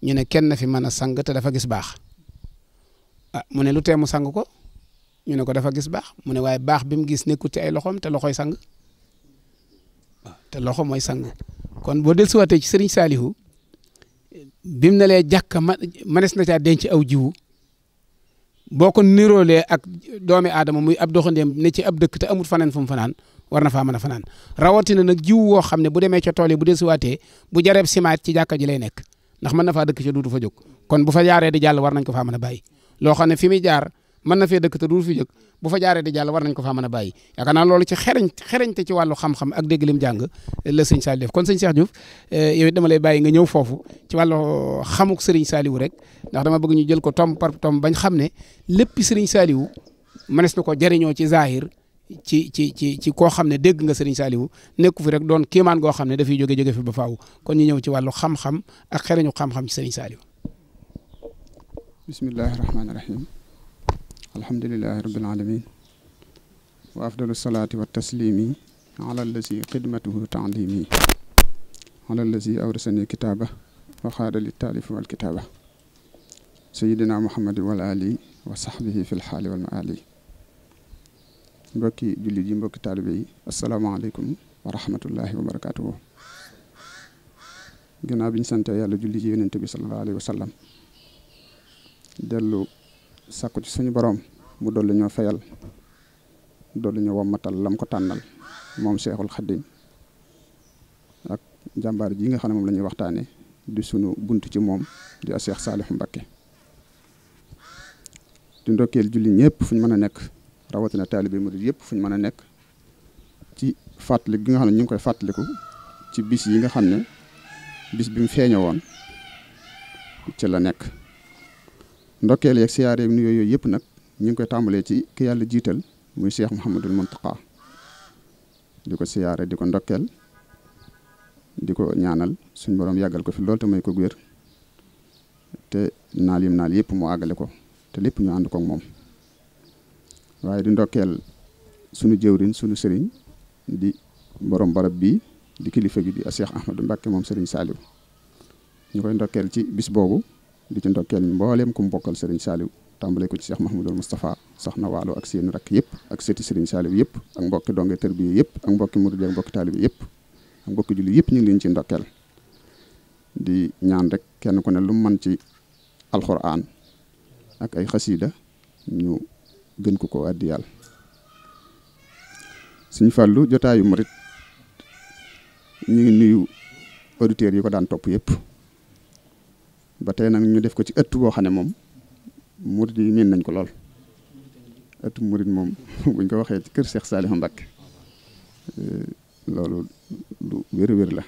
ñu ne kenn fi mën a sang te dafa gis baax ah mu ne lu tee mu sang ko ñu ne ko dafa gis baax mu ne waaye baax bi mu gis nekkut ci ay loxoom te loxoy sang ah, te loxo mooy sang kon boo dellusiwaatee ci Serigne Salihu bim na lee jàkka ma manes na caa denc aw jiw boo ko niróolee ak doomi aadama muy ab doxandeem ne ci ab dëkk te amut fanaan fu mu fanaan war na faa mën a fanaan rawatina nag jiwu woo xam ne bu demee ca tool yi bu desuwaatee bu jareeb simaat ci jàkka ji lay nekk ndax mën na faa dëkk ca duutu fa jóg kon bu fa jaaree di jàll war nañ ko faa mën a bàyyi loo xam ne fi jaar mën na fee dëkk te du fi jóg bu fa jaaree di jàll war nañ ko faa mën a bàyyi yaakaar naa loolu ci xereñ xereñte ci wàllu xam-xam ak dégg lim jàng eh, la sëñ Saliou kon sëñ Cheikh Diouf eh, yow dama lay bàyyi nga ñëw foofu ci wàllu xamuk sëriñ Saliou rek ndax dama bëgg ñu jël ko tom par tom bañ xam ne lépp sëriñ Saliou mënees na ko jëriñoo ci zahir ci ci ci ci koo xam ne dégg nga Serigne Saliou nekku fi rek doon kéemaan goo xam ne dafay jóge jóge fi ba faaw kon ñu ñëw ci wàllu xam xereñu xam ci Serigne Saliou alhamdulilahi rabbil alamin wa afdalu salaati wa taslimi ala allazi xidmatuhu taalimi ala kitaaba wa xaada li taalifi wal sayidina muhammad wal ali wa saxbihi fi lxaali wal maali mbokki jullit mbokki taalibe yi asalaamaaleykum wa wa barakaatuhu ginnaaw bi ñu sante yàlla julli ci wa sallam sàkku ci suñu boroom mu dool ñoo fayal doolu ñu wommatal lam ko tànnal moom Seexul Xaddim ak jàmbaar ji nga xam ne moom la ñuy waxtaane di suñu bunt ci moom di a Seex Saalihu Mbakke di ndokkeel julli ñëpp fu ñu mën a nekk rawatina taalibe murid yëpp fu ñu mën a nekk ci fàttali gi nga xam ne ñu ngi koy fàttaliku ci bis yi nga xam ne bis bi mu feeñe woon ci la nekk ndokkeel yeeg siyaar yeeg yooyu yëpp nag ñu ngi koy tàmbalee ci ki yàlla jiital muy Cheikh Mouhamadul Mountakha di ko siyaare di ko ndokkeel di ko ñaanal suñ borom yàggal ko fi lool te may ko wér te naal yim naal yëpp mu àggale ko te lépp ñu ànd ko moom waaye di ndokkeel sunu jëwriñ sunu sëriñ di borom barab bii di kilifa gi di Cheikh Ahmadou Mbacke moom sëriñ Saliou ñu koy ndokkeel ci bis boobu. di ci ndokkeel mbooleem ku mu bokkal Serigne Saliou tàmbale ko ci Cheikh Mahmoudul Moustapha soxna Waalo ak seen rakk yëpp ak seeti Serigne Saliou yëpp ak mbokki donge tër bi yëpp ak mbokki murid ak mbokki taalibe yëpp ak mbokki julli yëpp ñu ngi leen ci ndokkeel di ñaan rek kenn ku ne lu mu mën ci alxuraan ak ay xasiida ñu gën ko ko addi yàlla suñ fàllu jotaayu murit ñu ngi nuyu auditeurs yi ko daan topp yëpp ba tey nag ñu def ko ci ëtt boo xam ne moom murid yi miin nañ ko lool ëtt murid moom buñ ko waxee ci kër Cheikh Saliou Mbacké euh, loolu lu wér-wér la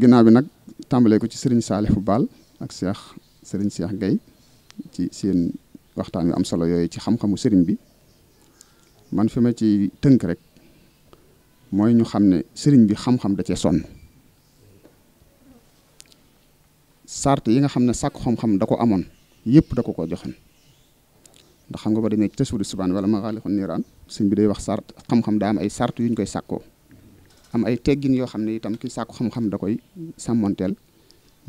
ginnaaw bi nag tàmbalee ko ci sëriñ Saliou Baal ak seex sëriñ Cheikh Gueye ci seen waxtaan yu am solo yooyu ci xam-xamu sëriñ bi man fi ma ci tënk rek mooy ñu xam ne sëriñ bi xam-xam da cee sonn sart yi nga xam ne sàkk xam-xam da ko amoon yëpp da ko ko joxoon ndax xam nga ba demee ci tasudu subaan wala ma xaalixun niiraan sëñ bi day wax sart xam-xam daa am ay sart koy sàkkoo am ay teggin yoo xam ne itam ki sàkku xam-xam da koy sàmmonteel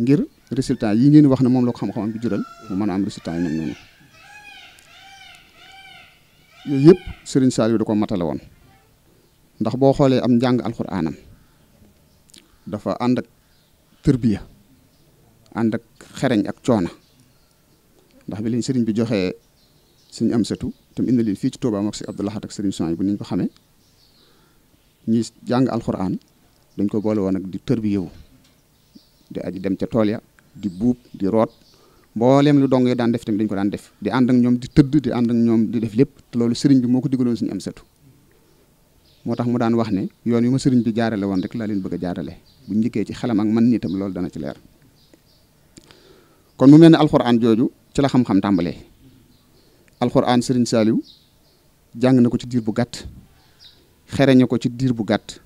ngir résultat yi ngeen wax ne moom la ko xam-xamam bi jural mu mën a am résultat yi ñoom noonu yooyu yëpp Serigne Saliou da ko matale woon ndax boo xoolee am njàng alxuraanam dafa ànd ak tërbiya ànd ak xereñ ak coona ndax bi leen sëriñ bi joxee siñ am satu tam indi leen fii ci Touba mook si Abdou Lahad ak sëriñ Souhaïbou bu ñu ko xamee ñi jàng alxuraan dañ ko boole woon ak di tër bi yow di aj dem ca tool ya di buub di root mbooleem lu dong yi daan def tamit dañ ko daan def di ànd ak ñoom di tëdd di ànd ak ñoom di def lépp te loolu sëriñ bi moo ko digaloon suñu am satu moo tax mu daan wax ne yoon yu ma sëriñ bi jaarale woon rek laa leen bëgg jaarale bu njëkkee ci xelam ak man nitam loolu dana ci leer kon mu mel ne alxuraan jooju ci la xam-xam tàmbalee alxuraan Serigne Saliou jàng na ko ci diir bu gàtt xereñe ko ci diir bu gàtt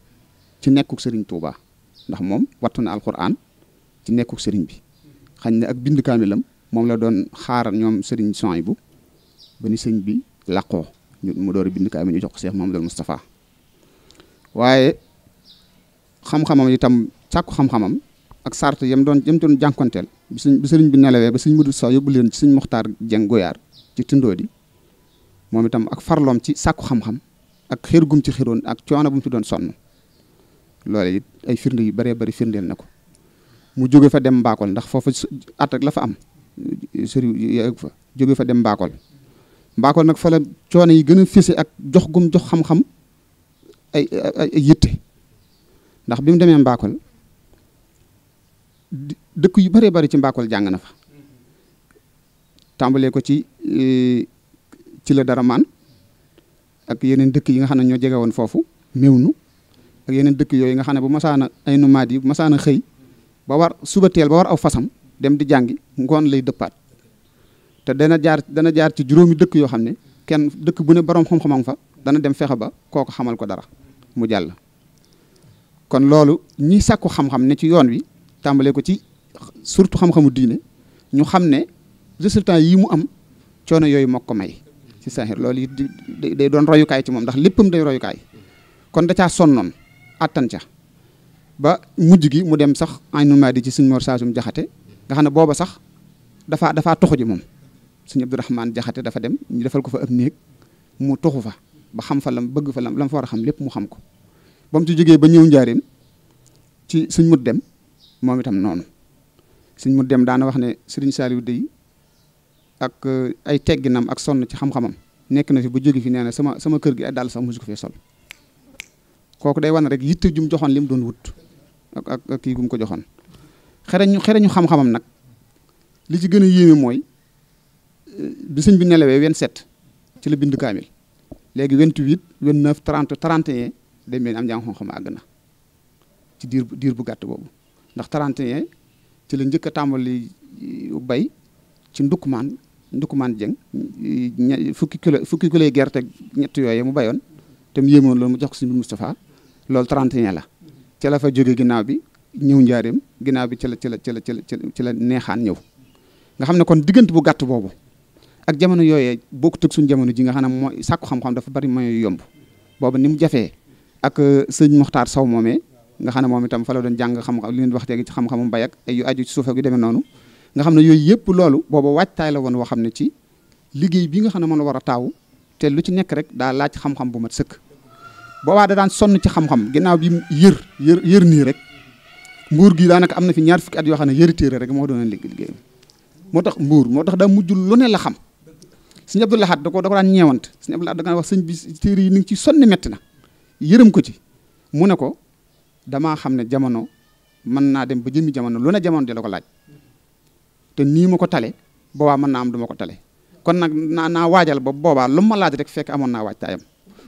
ci nekkuk sëriñ Touba ndax moom wattu na alxuraan ci nekkuk sëriñ bi xañ ne ak bind kaamilam moom la doon xaaral ñoom sëriñ Soy bu ba ni sëñ bi làqoo ñu mu door a bind kaamil ñu jox ko moom Mamadou Moustapha waaye xam-xamam itam sàkku xam-xamam. ak sart yam doon yam doon jànkonteel bi suñ bi sëriñ bi nelawee ba suñ mudu sa yóbbu leen ci suñ muxtaar jeng goyaar ci tindoo di moom itam ak farloom ci sàkku xam-xam ak xér gum ci xiroon ak coono bum mu ci doon sonn loole it ay firnde yu bëree bëri firndeel na ko mu jóge fa dem mbaakool ndax foofa at la fa am sëriñ fa jóge fa dem mbaakool mbaakol nag fa la coono yi gën a fise ak jox gum jox xam-xam ay yitte ndax bi mu demee mbaakol dëkk yu bëree bëri ci mbaakol jàng na fa tàmbalee ko ci e, ci la dara maan ak yeneen dëkk yi nga xam ne ñoo jege foofu Mewnu ak dëkk yooyu nga xam ne bu masaana ay nomades yi bu masaana xëy ba war suba teel ba war aw fasam dem di jàngi ngoon lay dëppaat te dana jaar dana jaar ci juróomi dëkk yoo xam ne kenn dëkk bu ne borom xam-xamam fa dana dem fexe ba kooku xamal ko dara mu jàll kon loolu ñi sàkku xam-xam ne ci yoon wi tàmbalee ko ci surtout xam-xamu diine ñu xam ne résultat yi mu am coono yooyu moo ko may ci saaxir loolu it day doon royukaay ci moom ndax léppam day royukaay kon da caa sonnoon attan ca ba mujj gi mu dem sax Aynu Maadi ci suñ Mor Saasum Jaxate nga xam ne booba sax dafa dafaa toxu ji moom suñu Abdourahmaan Jaxate dafa dem ñu defal ko fa ab néeg mu toxu fa ba xam lam bëgg fa lam lam fa a xam lépp mu xam ko ba mu ci jógee ba ñëw njaareem suñ mut dem moom itam noonu sëñ mu dem daana wax ne sëriñ Saliou dey ak ay tegginam ak sonn ci xam-xamam nekk na fi ba jóge fi nee na sama sama kër gi ay daal sax mosu ko fee sol kooku day wane rek yitte jum joxoon li mu doon wut ak ak kii gum ko joxoon xereñu xereñu xam-xamam nag li ci gën a yéeme mooy eh, bi sëñ bi nelawee wen set ci la bind kaamil léegi wen huit wen neuf trente trente et un dem leen am njàng xam-xam àgg na ci diir diir bu gàtt boobu ndax 31 ci la njëkk a tàmbali euh, bay ci ndukkumaan ndukkumaan jëng euh, fukki kilo fukki kilo gerte ñett yooyu mu bayoon te mu yéemoon loolu mu jox ko suñu Moustapha loolu 31 la ca la fa jóge ginnaaw bi ñëw njaareem ginnaaw bi ci la ci la ci la ci la neexaan ñëw nga xam ne kon diggante bu gàtt boobu ak jamono yooyee boo ko tëg suñu jamono ji nga xam ne mooy sàkku xam-xam dafa bari moyen yu yomb boobu ni mu jafee ak euh, sëñ Moxtaar Sow moomee nga xam ne moom itam fa la doon jàng xam-xam li ñu wax léegi ci xam-xamu mbay ne yooyu yëpp loolu booba waajtaay la woon woo xam ne ci liggéey bi nga xam ne moom la war a te lu ci nekk rek daa laaj xam-xam bu mat sëkk boobaa da daan sonn ci xam-xam ginnaaw bi yër yër yër nii rek mbuur gi daanaka am na fi ñaar fukki at yoo xam ne yëritéere rek moo doon liggéey moo tax mbuur moo tax daa mujj lu ne la xam sëñ Abdou Lahad da ko da daan ñeewant sëñ Abdou Lahad da ko wax sëñ bi téere yi ni ngi ci sonni metti na yërëm ko ci mu ne ko damaa xam ne jamono mën naa dem ba jëmmi jamono lu ne jamono de la ko laaj te nii ma ko tale boobaa mën naa am du ko tale kon nag naa naa waajal ba boobaa lu ma laaj rek fekk amoon naa waajtaayam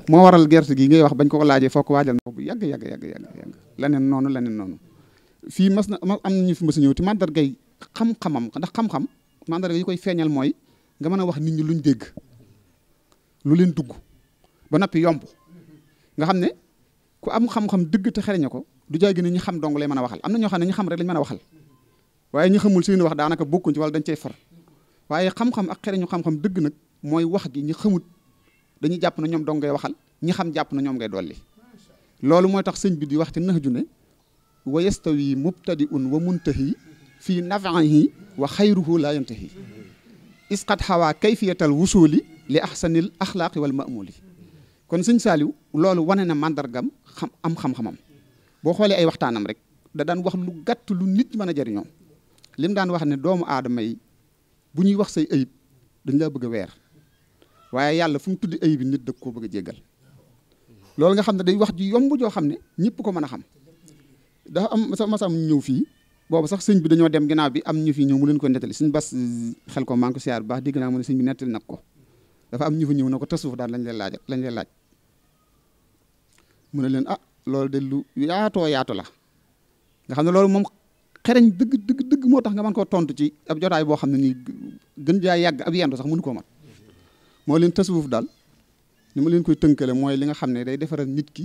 moo waral gerte gi ngay wax bañ ko ko laajee fokk waajal na bu yàgg yàgg yàgg yàgg yàgg leneen noonu leneen noonu fii mas na am na ñu fi mas a ñëw te mandargay xam-xamam ndax xam-xam mandarga yi koy feeñal mooy nga mën a wax nit ñi luñ dégg lu leen dugg ba noppi yomb nga xam ne ku am xam-xam dëgg te xereñe ko du jaagi ne ñi xam dong lay mën a waxal am na ñoo xam ne ñi xam rek lañ mën a waxal waaye ñi xamul seen wax daanaka bokkuñ ci wala dañ cey far waaye xam-xam ak xereñu xam-xam dëgg nag mooy wax gi ñi xamut dañuy jàpp na ñoom dong ngay waxal ñi xam jàpp na ñoom dool li loolu mooy tax sëñ bi di wax ci nax ju ne wa yastawi mubtadi un wa muntahi fii nafaihi wa xayruhu laa yantahi isqat xawaa kayfiyatal wusuuli li ahsanil axlaaqi wal mamuli kon sëñ saaliw loolu wane na màndargam xam am xam boo xoolee ay waxtaanam rek da daan wax lu gàtt lu nit mën a jariñoo lim daan wax ne doomu aadama yi bu ñuy wax say ayib dañ laa bëgg a weer waaye yàlla fu mu tuddi ayib nit da koo bëgg a jegal loolu nga xam ne day wax ji yomb joo xam ne ñëpp ko mën a xam dafa am sa masam ñëw fii boobu sax sëñ bi dañoo dem ginnaaw bi am ñu fi ñëw mu leen ko nettali sëñ bas xel ko maa ngi ko siyaar bu baax dégg naa mu ne sëñ bi nettali nag ko dafa am ñu fi ñëw na ko tasuuf daal lañ leen laaj lañ leen laaj ah, loolu de lu yaatoo yaatu la nga xam ne loolu moom xereñ dëgg dëgg dëgg moo tax nga mën koo tontu ci ab jotaay boo xam ne nii gën jaay yàgg ab yendu sax mënu koo mat moo leen tasawuf daal ni ma leen koy tënkale mooy li nga xam ne day defaral nit ki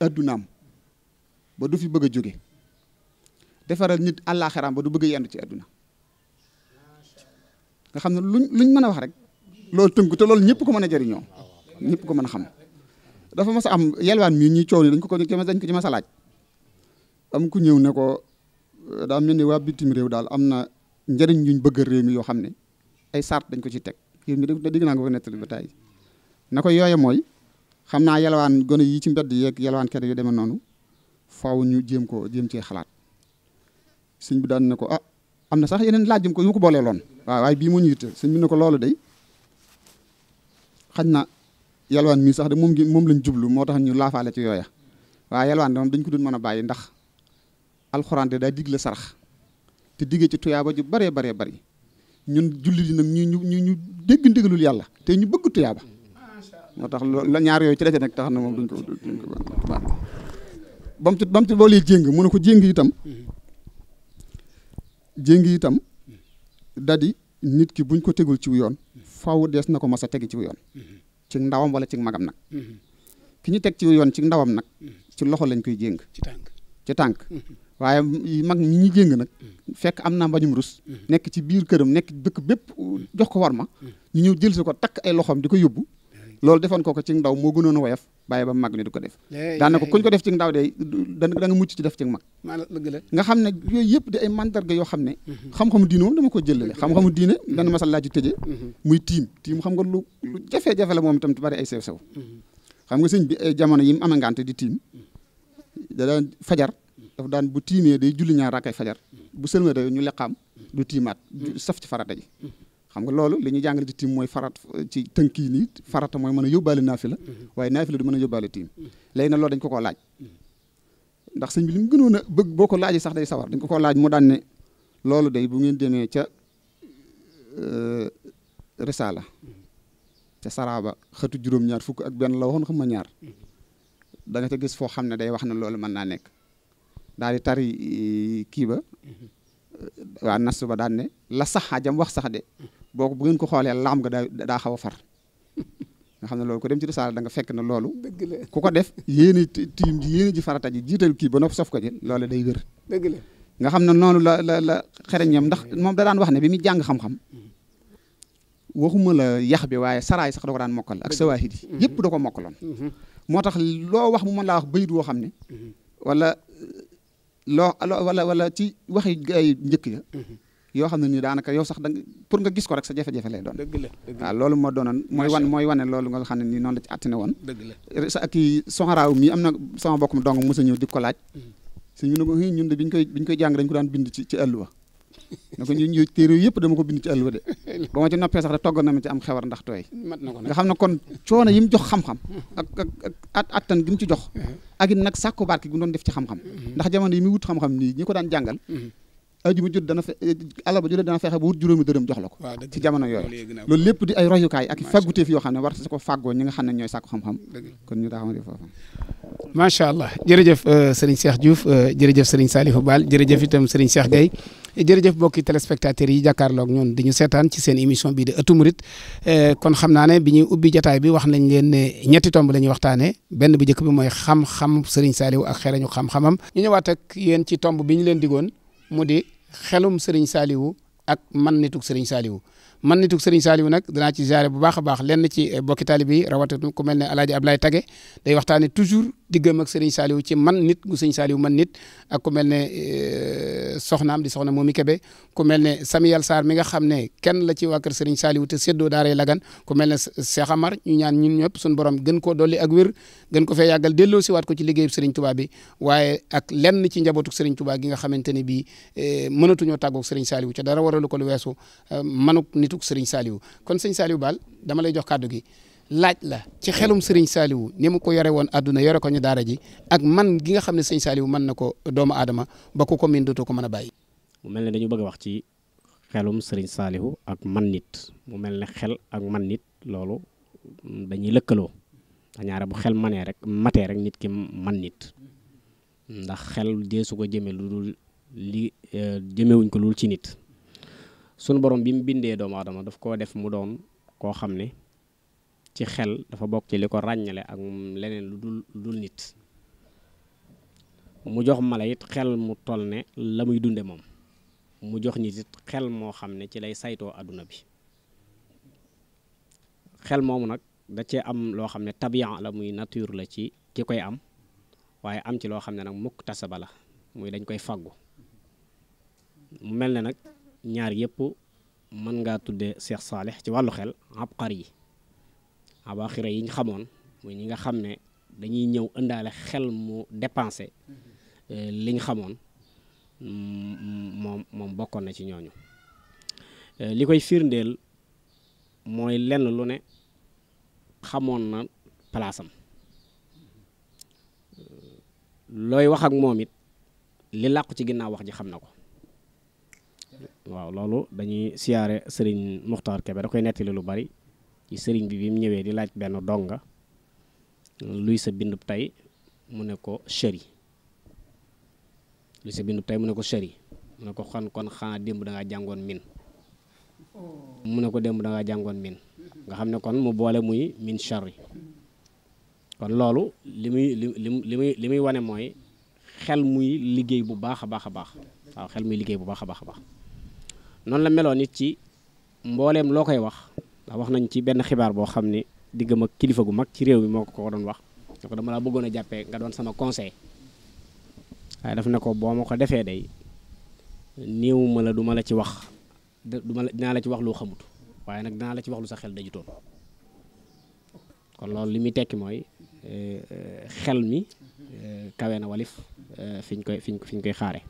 addunaam ba du fi bëgg a jóge defaral nit àllaaxiraam ba du bëgg yendu ci àdduna nga xam ne luñ luñ mën a wax rek loolu tënku te loolu ñëpp ko mën a jariñoo ñépp ko mën a xam dafa mas a am yelwaan mii ñuy coow ni dañ ko ko dañ ko ci mas a laaj am ku ñëw ne ko euh, daa mel ni waa bitim réew daal am na njëriñ yuñ bëgg réew mi yoo xam ne ay sart dañ ko ci teg yow mi da dégg naa nga ba tey na ko yooye mooy xam naa yelwaan gone yi ci mbedd yeeg yelwaan kenn yu demee noonu faaw ñu jéem ko jéem cee xalaat sëñ bi daan ne ko ah am na sax yeneen laaj jëm ko yu ko boolee loon waaw waaye bii moo ñu yitte sëñ bi ne ko loolu day xañ na yalwaan mii sax de moom ngi moom lañ jublu moo tax ñu laafaale ci yooya waaye yalwaan de moom dañ ko doon mën a bàyyi ndax alxuraan de daa digle sarax te diggee ci tuyaaba ju baree baree bari ñun jullit yi nag ñu ñu ñu dégg ndigalul yàlla te ñu bëgg tuyaaba moo tax la ñaar yooyu ci dese nag tax na moom duñ ko duñ ko ba mu ci ba jéng mu ko jéng itam jéng itam dadi nit ki buñ ko tegul ci yoon faaw dees na ko mas a tegi ci yoon ci ndawam wala ci magam nag mm-hmm. ki ñu teg ci yoon ci ndawam nag mm-hmm. ci loxo lañ koy jéng ci tànk ci tànk mm-hmm. waaye mag ñi ñi jéng nag fekk am naa mbañum rus nekk ci biir këram nekk dëkk bépp jox ko war ma ñu ñëw jël si ko takk ay loxoom di ko yóbbu loolu defoon ko ko ci ndaw moo gënoon a woyof bàyyi ba mu màgg ni du ko def daana ko kuñ ko def ci ndaw de da nga mucc ci def ci mag nga xam ne yooyu di ay mandarga yoo xam ne mm-hmm. xam-xamu diine dama ko jëlale xam-xamu diine mm-hmm. dana masal laa ci tëje mm-hmm. muy tiim tiim xam nga lu lu jafe-jafe la moom itam bari ay xam nga sëñ bi ay jamono yi mu ama ngante di tiim da fajar daf daan bu tiimee day julli ñaar rakkay fajar bu sëlma da ñu leqaam du tiimaat saf ci farata ji xam nga loolu li ñuy jàngale ci tiim mooy farat ci tënk yi nii mooy mën a yóbbaale naafila mhm. waaye naafila du mën a yóbbaale tiim mhm. léegi na loolu dañ ko koo mhm. sëñ bi gënoon a bëgg boo ko laajee sax day sawar dañ ko koo laaj mu daan ne bu ngeen demee ca euh, risaala ca saraaba xëtu juróom-ñaar fukk ak benn la xam ma ñaar danga nga gis foo xam ne day wax na loolu mën naa nekk daal di tari euh, kii ba waa nas ba daan la sax jam wax sax de boo ko bu ngeen ko xoolee laam nga daa daa xaw a far nga xam ne loolu ko dem ci risaala da nga fekk na loolu. ku ko def yéen tiim ji ji farata ji jiital kii ba nopp sof ko ji loolu day wér. dëgg nga xam ne noonu la la la xereñam ndax moom da daan wax ne bi muy jàng xam-xam. Mm. waxuma la yax bi waaye saraay sax da ko daan mokkal ak sawaahid yi yëpp da ko mokk mokkaloon mm-hmm. moo tax loo wax mu mën laa wax bayit woo xam ne mm-hmm. walla loo wala wala ci waxi gay njëkk ya mm-hmm. yoo xam ne nii daanaka yow sax dang pour nga gis ko rek sa jafe-jafe lay doon dëgg la waaw loolu moo doonoon mooy wane loolu nga xam ne woon dëgg la sa kii soxaraaw mi am na sama bokk mu dong ko laaj mm. si ñu ne ko ñun de biñ koy biñ koy jàng dañ ko daan bind ci ci àlluwa na ko ñun téere yëpp dama ko bind ci àlluwa de ba togg na ma ci am xewar ndax tooy nga xam ne kon coono yi mu jox xam-xam ak ak ak attan gi mu ci jox mm-hmm. ak it nag sàkku barke gi mu doon def ci xam-xam mm-hmm. ndax jamono yi muy wut xam-xam nii ñi ko daan jàngal mm-hmm. ajuma jot dana fe alaba jot dana fexe ba wut juróomi dërëm jox la ko ci jamono yooyu loolu lépp di ay royukaay ak fàgguteef yoo xam ne war sa ko fàggoo ñu taxawandi macha allah jërëjëf euh, Serigne Cheikh Diouf euh, jërëjëf Serigne Salifou Baal jërëjëf itam Serigne Cheikh Gueye jërëjëf mbokki téléspectateurs yi jàkkaarloog ñoon di ñu seetaan ci seen émission bii di euh, kon xam naa ne bi ñu ubbi jataay bi wax nañ leen ne ñetti tomb la ñuy waxtaane benn bu njëkk bi mooy xam-xam Serigne Saliou ak xereñu xam-xamam ñu ñëwaat ak yéen ci tomb bi ñu leen digoon mu di xelum sëriñ wu ak man nitug sëriñ saaliwu man nitug sëriñ wu nag danaa ci jaare bu baax a baax lenn ci eh, bokki taalibe bi rawatina ku mel ne alaaji Ablaye Tage day waxtaane toujours diggam ak sëriñ saaliwu ci man nit gu sëriñ Saliou man nit ak ku mel ne euh, soxnaam di soxna Momi Kebe ku mel ne Samuel Sarr mi nga xam ne kenn la ci waa kër sëriñ Saliou te séddoo daaray Lagan ku mel ne Cheikh Amar ñu ñaan ñun ñëpp suñu borom gën koo dolli ak wér gën ko fee yàggal delloo si ko ci liggéeyub sëriñ Touba bi waaye ak lenn ci njabootu sëriñ Touba gi nga xamante ne bii euh, mënatuñoo tàggoog sëriñ Saliou ca dara waralu ko lu weesu euh, manuk nituk sëriñ Saliou kon sëriñ Saliou Baal dama lay jox kàddu gi laaj la ci xelum sëriñ saaliwu ni mu ko yore woon àdduna yore ko ñu daara ji ak man gi nga xam ne sëñ saaliwu mën na ko doomu aadama ba ku ko min ko mën a bàyyi. mu mel ne dañu bëgg wax ci xelum sëriñ Saliou ak man nit mu mel ne xel ak man nit loolu dañuy lëkkaloo ñaare bu xel manee rek matee rek nit ki man nit ndax xel deesu ko jëmee lu dul li eh, jëmewuñ ko lu ci nit sunu borom bi mu bindee doomu aadama daf koo def mu doon koo xam ne. ci xel dafa bokk ci li ko ràññale ak leneen lu dul lu dul nit mu jox mala it xel mu toll ne la muy dunde moom mu jox nit it xel moo xam ne ci lay saytoo àdduna bi xel moomu nag da cee am loo xam ne tabian la muy nature la ci ki koy am waaye am ci loo xam ne nag mukk tasaba la muy dañ koy faggu mu mel ne nag ñaar yëpp mën ngaa tudde Seex Saalix ci wàllu xel abqar yi abaxira yi ñu xamoon mooy ñi nga xam ne dañuy ñëw ëndaale xel mu dépensé euh, li xamoon mm, moom moom bokkoon na ci ñooñu euh, li koy firndeel mooy lenn lu ne xamoon na palaasam euh, looy wax ak moom it li làqu ci ginnaaw wax ji xam na ko waaw loolu dañuy siyaare Serigne Muxtaar Kebe da koy nettali lu bari ci sëriñ bi bi mu ñëwee di laaj benn donga luy sa bindub tey mu ne ko chéri luy sa bindub tey mu ne ko chéri mu ne ko xon kon xanaa démb da jàngoon min mu ne ko démb da jàngoon min nga xam ne kon mu boole muy min charri kon loolu li muy li li muy li muy wane mooy xel muy liggéey bu baax a baax a baax waaw xel muy liggéey bu baax a baax a baax noonu la meloon it ci mbooleem loo koy wax ndax wax nañ ci benn xibaar boo xam ne diggam ak kilifa gu mag ci réew mi moo ko ko doon wax ne ko dama laa bëggoon a jàppee nga doon sama conseil waaye daf ne ko boo ma ko defee day néewu ma la du la ci wax du duma la la ci wax loo xamut waaye nag dinaa la ci wax lu sa xel dajutoon kon loolu li muy tekki mooy eh, eh, xel mi eh, kawe na walif fiñ koy fiñ fiñ koy xaare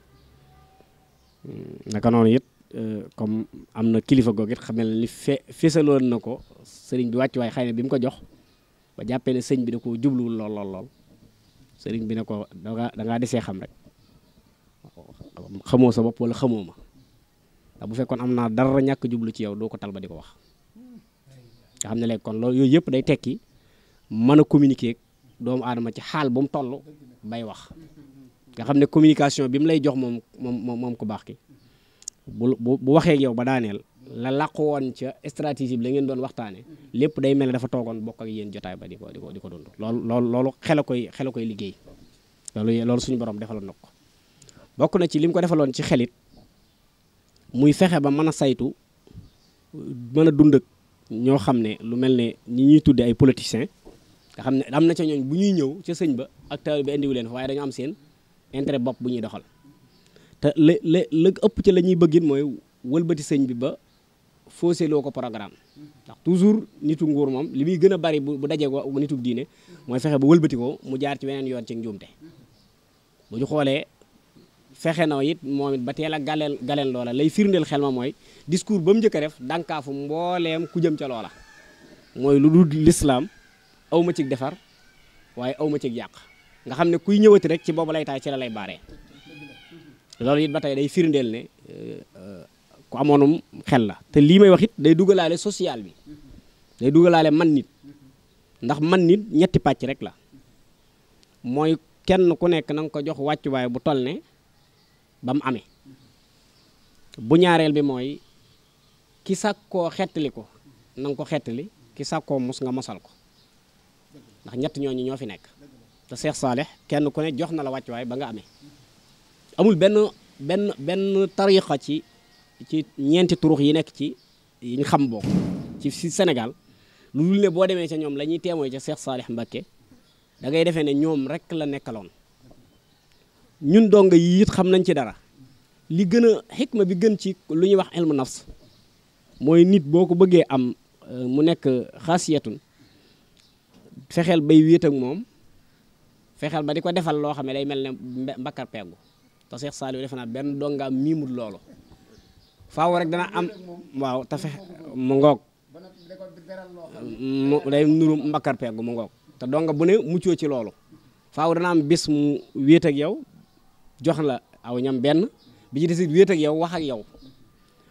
hmm, naka noonu it Euh, comme am na kilifa googu it xamel ni fe fesaloon na ko sëriñ bi wàcc waaye xëy na bi mu ko jox ba jàppee ne sëñ bi da koo jubluwul lool lool lool sëriñ bi ne ko dangaa desee xam rek xamoo sa bopp xamoo ma ndax bu fekkoon am naa dara ñàkk jublu ci yow doo ko tal ba di ko wax nga xam ne léegi kon loolu yooyu yëpp day tekki mën a communiquer doomu aadama ci xaal ba mu toll bay wax nga xam ne communication bi mu lay jox moom moom moom ku baax ki bu bu waxee yow ba daaneel la làqu woon ca stratégie bi la ngeen doon waxtaanee lépp day mel ne dafa toogoon bokk ak yéen jotaay ba di ko di ko di ko dund. loolu loolu loolu xel koy xel koy liggéey loolu loolu suñu borom defaloon na ko bokk na ci li mu ko defaloon ci xelit muy fexe ba mën a saytu mën a dund ñoo xam ne lu mel ne ñi ñuy tudde ay politiciens nga xam ne am na ca ñooñ bu ñuy ñëw ca sëñ ba ak taal bi indiwu leen fa waaye dañu am seen intérêt bopp bu ñuy doxal. te la ëpp ci la ñuy bëggin mooy wëlbati sëñ bi ba faussé loo ko programme ndax toujours nitu nguur moom li muy gën a bari bu dajee ko nitu diine mooy fexe ba wëlbati ko mu jaar ci weneen yoon ci njuumte bu ñu xoolee fexe na it moom ba teel a galeel galeel loola lay firndeel xel ma mooy discours ba mu njëkk a def dànkaafu mbooleem ku jëm ca loola mooy lu dul lislaam aw ma cig defar waaye aw ma cig yàq nga xam ne kuy ñëwati rek ci boobu lay taay ci la lay baaree loolu it ba tey day firndeel ne euh, ku amoonum xel la te lii may wax it day dugalaale social bi day dugalaale man nit ndax man nit ñetti pàcc rek la mooy kenn ku nekk na nga ko jox wàccuwaay bu toll ne ba mu amee bu ñaareel bi mooy ki sàkkoo xettali ko na ko xettali ki sàkkoo mos nga mosal ko ndax ñett ñooñu ñoo fi nekk te Seex Saalix kenn ku ne jox na la wàccuwaay ba nga amee amul benn benn benn tarixa ci ci ñeenti turux yi nekk ci yi xam bokk ci si Sénégal lu dul ne boo demee sa ñoom la ñuy teemoy ca Cheikh Salih Mbacké da ngay defee ne ñoom rek la nekkaloon ñun donga yi it xam nañ ci dara li gën a xikma bi gën ci lu ñuy wax ilmu nafs mooy nit boo ko bëggee am euh, mu nekk xaasiyatun fexeel bay wéet ak moom fexeel ba di ko defal loo xam ne day mel ne mbakkar peggu te Seex Saaliw defe naa benn dongaam miimut loolu faaw rek dana am waaw te fex mu ngoog mu day nuru mbakkar peggu mu ngoog te donga bu ne muccoo ci loolu faaw dana am bis mu ak yow jox la aw ñam benn bi ci wéet ak yow wax ak yow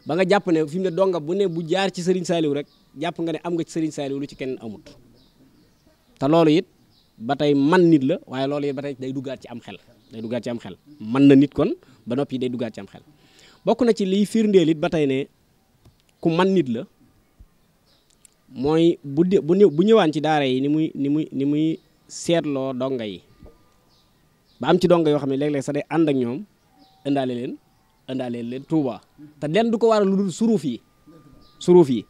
ba jàpp ne fi mu ne donga bu ne bu jaar ci Serigne Saliou rek jàpp nga ne am nga ci Serigne Saliou lu ci kenn amut te loolu it ba tey man nit la waaye loolu it ba tey day duggaat ci am xel day duggaat ci am xel mën na nit kon ba noppi day duggaat ci xel bokk na ci liy firndeel it ba tey ne ku man nit la mooy bu dee bu bu ñëwaan ci daara yi ni muy ni muy ni muy seetloo donga yi ba am ci donga yoo xam ne léeg-léeg sax day ànd ak ñoom indaale leen indaale leen tuuba te den du ko waral lu dul suruuf yi suruuf yi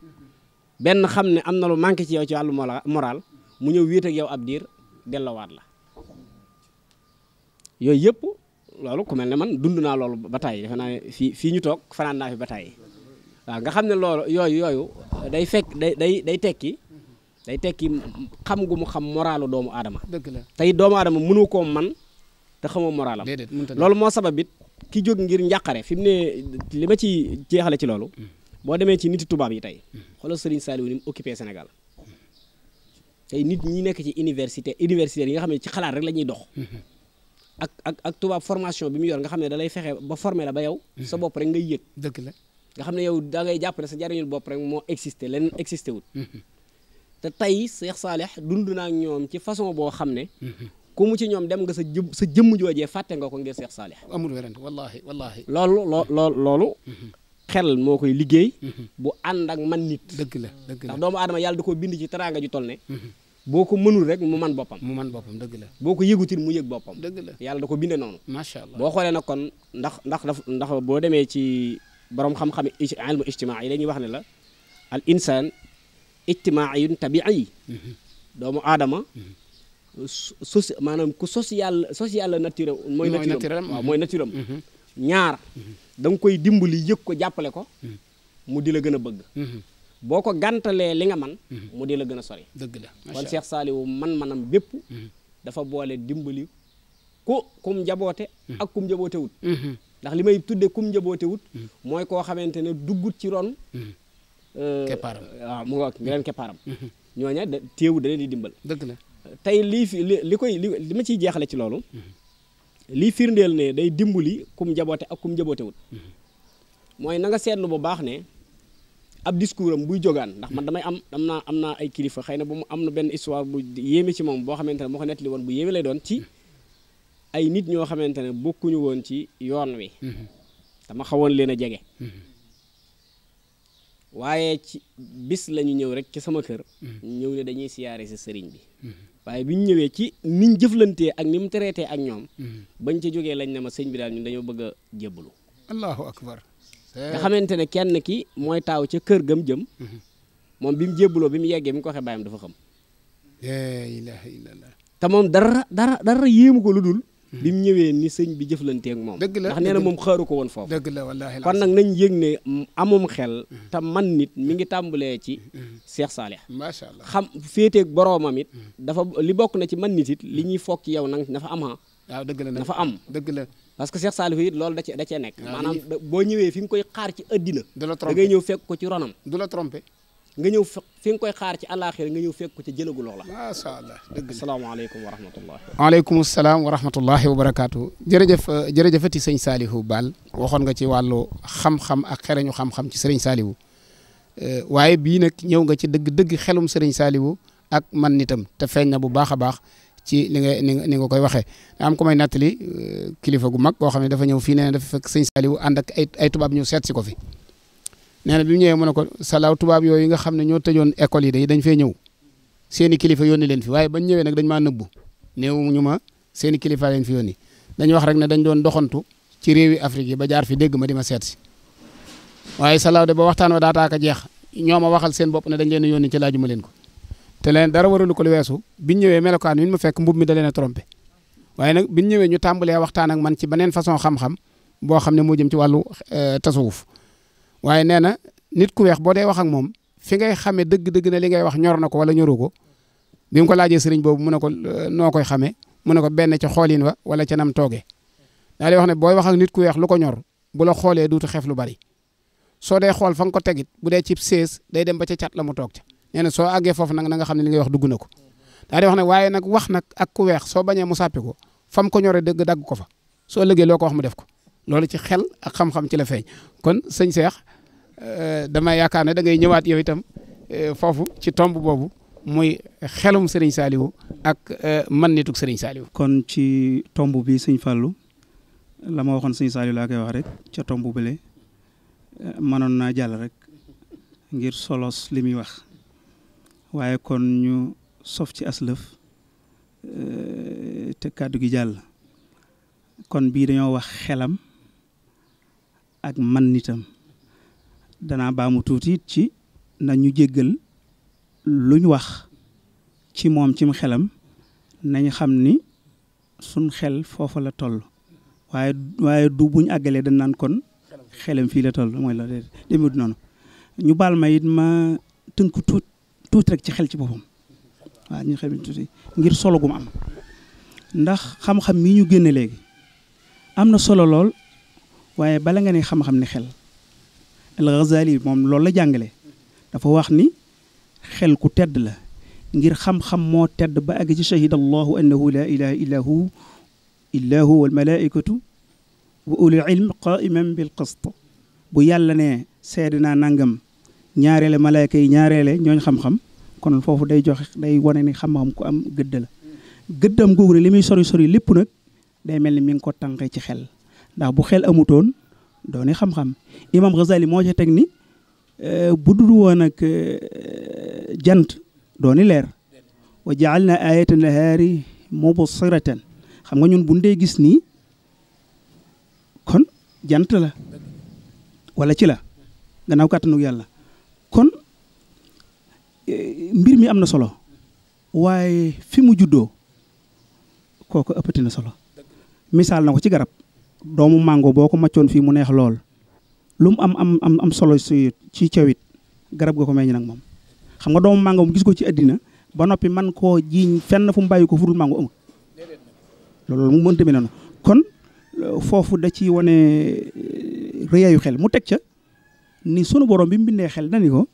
benn xam ne am na lu manqué ci yow ci wàllu moral mu ñëw wéet ak yow ab diir dellowaat la yooyu yëpp loolu ku mel ne man dund naa loolu ba tàyyi defe naa fii fii ñu toog fanaan naa fi ba tàyyi nga xam ne loolu yooyu yooyu day fekk day day day tekki day tekki xam gu mu xam moralu doomu aadama. dëgg la tey doomu aadama mënu koom man te xamoo moralam. loolu moo sabab it ki jóg ngir njàqare fi mu ne li ma ci jeexale ci loolu. Mm. boo demee ci niti tubaab yi tey. Mm. xoolal Serigne Saliou ni mu occupé Sénégal tey nit ñi nekk ci université universitaire yi nga xam ne ci xalaat rek la ñuy dox. Mm-hmm. ak ak ak tubaab formation bi mu yor nga xam ne da lay fexe ba forme la ba yow mhm. sa bopp rek ngay yëg dëgg la nga xam ne yow dangay ngay jàpp ne sa jariñul bopp rek moo existé leen existé wul mhm. te tey Cheikh Saleh dund naa ak ñoom ci façon boo xam ne mhm. ku mu ci ñoom dem nga sa jë sa jëmm joojee fàtte nga ko ngir Cheikh Saleh amul werante wallaahi wallaahi loolu loo lool loolu xel moo koy liggéey bu ànd ak man nit dëgg la dëgg la ndax doomu aadama yàlla da koo bind ci teraanga ju toll ne boo ko mënul rek mu man boppam mu man boppam dëgg la boo ko yëgutil mu yëg boppam dëgg la yàlla da ko binde noonu macha allah boo xoolee na kon ndax ndax daf ndax boo demee ci borom xam-xam ilmu ijtimaa yi dañuy wax ne la al insaan ijtimaayun tabiiy mhm. doomu aadama mhm. soci maanaam social social nature mooy nature am mooy nature mhm. ñaar danga koy dimbali yëg ko jàppale ko mu di la gën a bëgg boo ko gantalee li nga man mhm. mu di la gën a sori dëgg la kon Cheikh Saliou man-manam bépp mhm. dafa boole dimbali ku kum njaboote mhm. ak kum njaboote wut ndax li may tudde kum njaboote wut mooy koo xamante ne duggut ci ron euh, keppaaram waaw mu nga leen keppaaram ñooña dimbal dëgg la tey lii fi li koy li ma ciy jeexale ci loolu lii firndeel ne day dimbali kum njaboote ak njaboote wut mooy na nga seetlu bu baax ne ab discours am buy jogaan ndax man damay am am naa am naa ay kilifa xëy na ba mu am na benn histoire bu yéeme ci moom boo xamante ne moo ko nettali woon bu yéeme lay doon nit ñoo xamante ne bokkuñu woon ci yoon wi mm-hmm. dama xawoon leen a jege mm-hmm. waaye ci bis la ñëw rek ci sama kër mm-hmm. ñëw ne dañuy siyaare si sëriñ bi waaye bi ñu ñëwee ci niñ jëflantee ak ni mu traité ak ñoom bañ ca jógee lañ ne ma sëñ bi daal ñun dañoo bëgg a jébbalu Eh. nga xamante ne kenn ki mooy taaw ca kër gam jëm mhm. moom bi mu jébbuloo bi mu yeggee mi ngi ko waxee dafa xam la ilaha illallah te moom dara dara dara yéemu ko lu dul mhm. bi mu ñëwee ni sëñ bi jëflanteeg moom dëgg ndax nee moom xaaru ko woon foofu dëgg la wallaahi kon nag nañ yëg ne amum xel mhm. te man nit mi ngi tàmbalee ci Cheikh Saalih macha allah xam féeteeg boroomam it dafa li bokk na ci man nit it li ñuy fokk yow nag dafa am ah waaw dëgg la am dëgg la parce que Cheikh Saliou it loolu da cee da cee nekk maanaam boo ñëwee fi nga koy xaar ci addina da ngay ñëw fekk ko ci ronam du la trompé nga ñëw fi nga koy xaar ci àllaaxira nga ñëw fekk ko ci jëlagu loola macha allah dëgg asalaamaaleykum wa rahmatullah waaleykum salaam wa rahmatullahi wa barakaatu jërëjëf euh, jërëjëfati sëñ Saliou Baal waxoon nga ci wàllu xam-xam ak xereñu xam-xam ci sëriñ Saliou euh, waaye bii nag ñëw nga ci dëgg dëgg xelum sëriñ Saliou ak man nitam te feeñ na bu baax a baax ci li nga ni nga koy waxee am ko ay nattali euh, kilifa gu mag boo xam ne dafa ñëw fii nee na fekk sëñ Saliou ànd ak ay ay tubaab ñu seet si ko fi nee na bi mu ñëwee mu ne ko salaaw tubaab yooyu nga xam ne ñoo tëjoon école yi day dañ fee ñëw seeni kilifa yónni leen fi waaye bañ ñëwee nag dañ maa nëbbu néew ñu ma seeni kilifa leen fi yónni dañ wax rek ne dañ doon doxantu ci réewi Afrique yi ba jaar fi dégg ma di ma seet si waaye salaaw de ba waxtaan wa daataaka jeex ñoo ma waxal seen bopp ne dañ leen yónni ci laaju ma leen ko te leen dara waralu ko lu weesu biñ ñëwee melokaan wi ma fekk mbub mi da leen a trompé waaye nag ñëwee ñu tàmbalee waxtaan ak man ci beneen façon xam-xam boo xam ne moo jëm ci wàllu eh, tasawuf waaye nee na nit ku weex boo dee wax ak moom fi ngay xamee dëgg-dëgg na li ngay wax ñor na ko wala ñoru ko bi ko laajee sëriñ boobu mu ne ko eh, noo koy xamee mu ne ko benn ca xoolin wa wala ca nam toogee daal wax ne booy wax ak nit ku weex lu ko ñor bu la xoolee duutu xeef lu bari soo dee xool fa nga ko tegit bu dee cib sées day dem ba ca cat la mu toog ca nee soo àggee foofu nag nanga xam ne li ngay wax dugg na ko daa di wax nag waaye nag wax nag ak ku weex soo bañee mu sàppi ko fam ko ñoree dëgg dagg ko fa soo lëggee loo ko wax mu def ko loolu ci xel ak ci la feeñ kon sëñ Seex euh, dama yaakaar ne da ngay ñëwaat yow itam euh, foofu ci tomb boobu muy xelum sëriñ Saliou ak euh, man nitug sëriñ Saliou kon ci tomb bi sëñ Fallou la waxoon sëñ Saliou laa koy wax rek ca tomb bële mënoon naa jàll rek ngir solos li muy wax waaye kon ñu sof ci aslëf euh, te kàddu gi jàll kon bii dañoo wax xelam ak man nitam danaa baamu tuuti ci na ñu jéggal luñ wax ci moom cim xelam nañ xam ni suñ xel foofa la toll waaye waaye du buñ àggalee dañ naan kon xelam fii la toll mooy la déedéet demee du noonu ñu baal ma it ma tënk tuut tuuti rek ci xel ci boppam waaw ñu xel tuuti ngir solo gu gum am ndax xam-xam mi ñu génne léegi am na solo lool waaye bala nga ne xam-xam ne xel al moom loolu la jàngale dafa wax ni xel ku tedd la ngir xam-xam moo tedd ba àgg ci shahida allahu annahu la ilaha illa hu illa hu wal wa ulul bu yàlla ne seede naa nangam ñaareele malaayka yi ñaareele ñooñ xam-xam kon foofu day joxe day wone ni xam-xam ko am gëdd la gëddam googu li muy sori sori lépp nag day mel ni mi ngi ko tànkee ci xel ndax bu xel amutoon dooni xam-xam imam Ghazali moo ci teg ni euh, bu dul woon ak euh, jant dooni leer wa jaal na ayata nahaari mubsiratan xam nga ñun buñ gis nii kon jant la wala ci la gannaaw kàttanug yàlla kon eh, mbir mi am na solo waaye fi mu juddoo kooku ëppati na solo misaal na ko ci garab doomu màngo boo ko maccoon fii mu neex lool lu mu am am am solo si ci cawit garab ga ko meññ nag moom xam nga doomu màngo mu gis ko ci àddina ba noppi man koo jiiñ fenn fu mu bàyyi ko fudul màngo amul loolu mu mënta mi kon eh, foofu da ci wane eh, rëyayu xel mu teg ca ni sunu borom bi mu bindee xel dani ko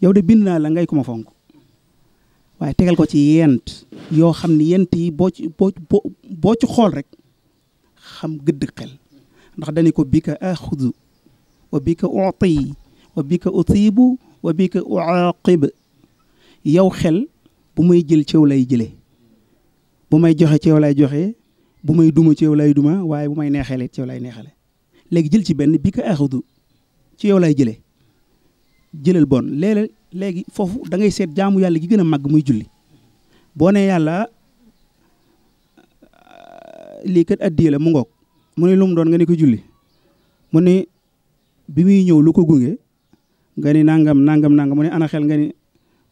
yow de bind naa la ngay ko ma fonk waaye tegal ko ci yent yoo xam ni yent yi boo ci boo ci xool rek xam gëdd xel ndax dani ko bi ka axudu wa bi ka uti wa bi ka utibu wa bi ka uaqib yow xel bu may jël ci lay jële bu may joxe ci lay joxe bu may duma ci yow lay duma waaye bu may neexalee ci lay neexale léegi jël ci benn bi ka axudu ci yow lay jële jëlal bon léeg léegi foofu dangay seet jaamu yàlla gi gën a màgg muy julli boo ne yàlla ah, lii kat addiye mu ngoog mu ne lu mu doon nga ne ko julli mu bi muy ñëw lu ko gunge nga ni nangam nangam nangam mu ne ana xel nga ni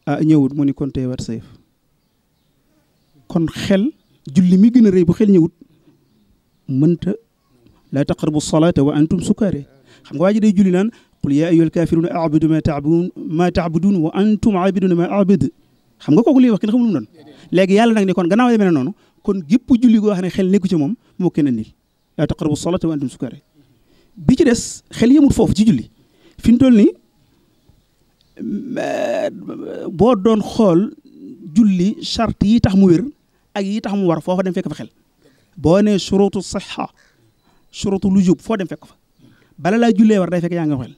ah ñëwut mu ni kon teewaat kon xel julli mi gën a rëy bu xel ñëwut mënta laa taqrabu salaata wa antum sukaare xam nga waa ji day julli naan qul yaa ayyuhal kaafiruuna a'budu maa ta'buduun maa wa antum aabiduuna maa a'bud xam nga kooku lii wax kenn xamul mu doon léegi yàlla nag ni kon gannaaw demee noonu kon gépp julli goo xam ne xel nekku ci moom moo kenn andil laa taqrabu salaata wa antum sukaara bi ci des xel yemut foofu ci julli fi mu toll nii mm, boo doon xool julli chart yi tax mu wér ak yi tax mu war foofa dem fekk fa xel boo nee surutu sixa surutu lujub foo dem fekk fa bala laa jullee war day fekk yaa ngi xel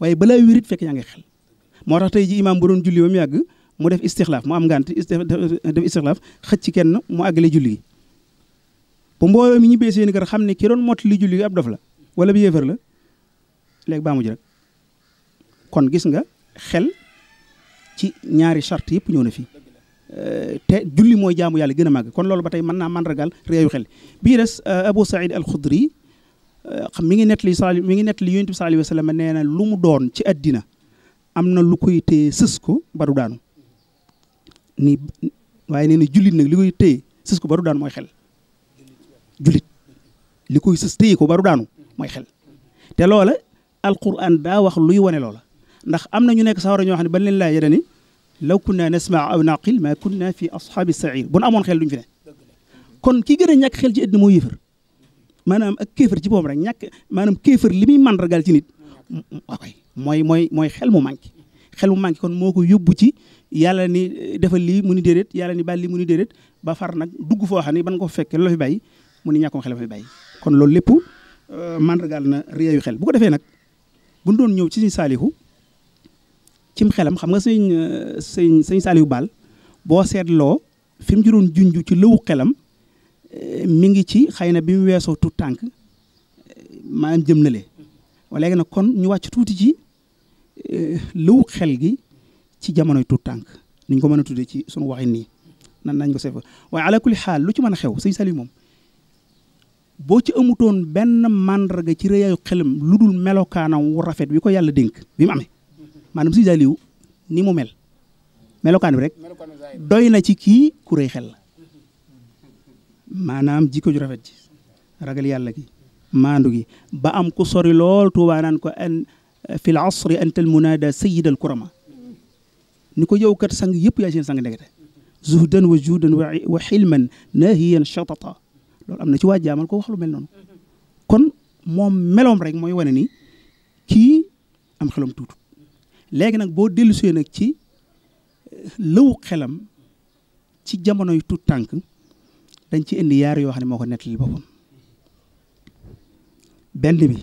waaye balaa wérit fekk yaa ngi xel moo tax tey ji imaam bu doon julli ba mu yàgg mu def istixlaaf mu am ngànt def istixlaaf ci kenn mu àggale julli gi bu mbooloo mi seen kër xam ne ki doon mottali julli gi ab la wala bi yéefar la léegi baa mujj gis nga xel ci ñaari charte yëpp ñëw na fi euh, te julli mooy jaamu yàlla gën a màgg kon loolu ba tey mën naa màndargaal réewu xel bii des euh, Abu Saïd al xam mi ngi nettali saali mi ngi nettali yonent bi sallallaahu alayhi wa sallam lu mu doon ci àddina am na lu koy téye sës ko ba du daanu ni waaye nee na jullit nag li koy téye sës ko ba daanu mooy xel jullit koy sës ko ba du mooy xel te loola alquran daa wax luy wone loola ndax am na ñu nekk sawara ñoo xam ne ban leen laaj dani law kunna nasmaa aw naqil ma kunna fi ashaabi sair bu nu amoon xel duñ fi ne kon ki gën a ñàkk xel ci àddina moo yéefar maanaam ak kéefar ci boom rek ñàkk maanaam kéefar li muy màndargaal ci nit waakoy mooy mooy mooy xel mu manqué xel mu manqué kon moo ko yóbbu ci yàlla ni eh, defal lii mu ni déedéet yàlla ni bàyyi lii mu ni déedéet ba far nag dugg foo xam ne ban ko fekkee loo fi bàyyi mu ni ñàkkum xel fi kon loolu lépp euh, màndargaal na réeyu xel bu defee nag bu doon ñëw ci sëñ saalihu cim xelam xam nga sëñ sëñ sëñ saalihu baal boo seetloo fi mu juróon junj ci lëwu xelam mu ngi ci xëy na bi mu weesoo tout tànk maanaam jëm na le waaye léegi nag kon ñu wàcc tuuti ci eh, lëw xel gi ci jamonoy tout tànk nuñ ko mën a tuddee ci sunu waxin nii nan nañ ko sefa waaye ala kulli xaal lu ci mën a xew sëñ Saliou moom boo ci amutoon benn màndarga ci rëyaayu xelam lu dul melokaanam wu rafet wi ko yàlla dénk bi mu amee maanaam sëñ Saliou ni mu mel melokaan bi rek doy na ci kii ku rëy xel la maanaam jikko ju rafet ji ragal yàlla gi maandu gi ba am ku sori lool tuubaa ko an fi l asri antal munaada sayidal kurama ni ko yow kat sang yëpp yaay seen sang ndegete zuhdan wa juudan wa xilman nahiyan shatata loolu am na ci waa jaamal ko wax lu mel noonu kon moom meloom rek mooy wane ni kii am xelam tuutu léegi nag boo dellusee nag ci euh, lëw xelam ci jamonoy tuut tànk dañ ci indi yaar yoo xam ne moo ko nettali boppam benn bi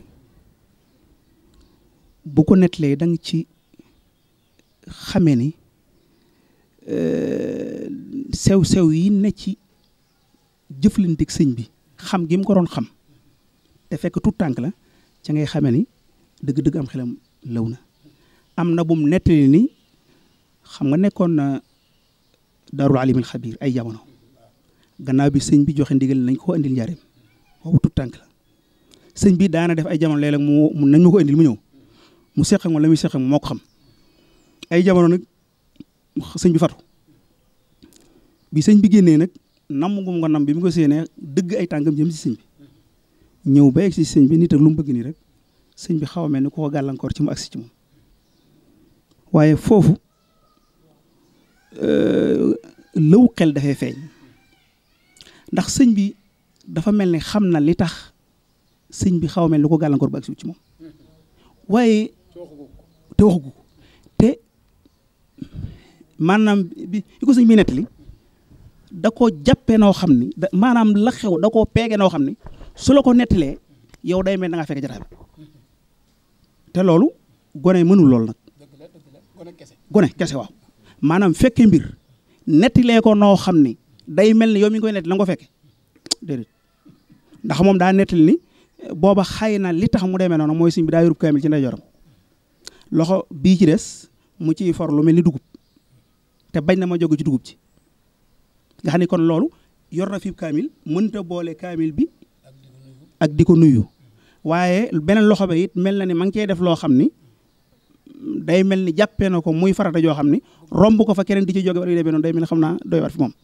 bu ko nettalee da nga ci xamee ni euh, sew-sew yi ne ci jëflanteeg sëñ bi xam gim mu ko doon xam te fekk tout tànk la ca ngay xame ni dëgg-dëgg am xelam law na am na bum nettali ni xam nga nekkoon na darul alimil xabir ay jamono gannaaw bi sëñ bi joxe ndigal nañ ko indil njaareem boobu tut tànk la sëñ bi daana def ay jamono léeg mu nañ ma ko andil mu ñëw mu seqe moom la muy seqe moom moo ko xam ay jamono nag sëñ bi fatu bi sëñ bi génnee nag nam gum ko nam bi mu ko séenee dëgg ay tànkam jëm si sëñ bi ñëw ba egg si sëñ bi nit ak lu mu bëgg nii rek sëñ bi xaw a mel ni ku ko gàllankoor ci mu agsi ci moom waaye foofu euh, lëw xel dafay feeñ ndax sëñ bi dafa mel ni xam na li tax sëñ bi xaw mel ni ko gàllankoor ba ak ci moom waaye te waxugu te maanaam bi ko sëñ bi nettali da koo jàppee noo xam ni da maanaam la xew da koo peege noo xam ni su la ko nettalee yow day mel da ngaa fekk jataay te loolu gone mënul lool nag gone kese waaw maanaam fekke mbir nettilee ko noo xam ni day mel ni yow mi ngi koy nett la nga ko ndax moom daa nettali ni booba xay na li tax mu demee noonu mooy suñ bi daa yorub kaamil ci bii ci des mu ciy for lu mel ni dugub te bañ na ma jóg ci dugub ci nga xam ne kon loolu yor na kaamil mënta boole kaamil bi ak di ko nuyu waaye beneen loxo ba it mel na ni ma ngi cey def loo xam ni day mel ni jàppee na ko muy farata joo xam ni romb ko fa keneen di ci jóge wala yu demee noonu day mel ni xam naa doy war fi moom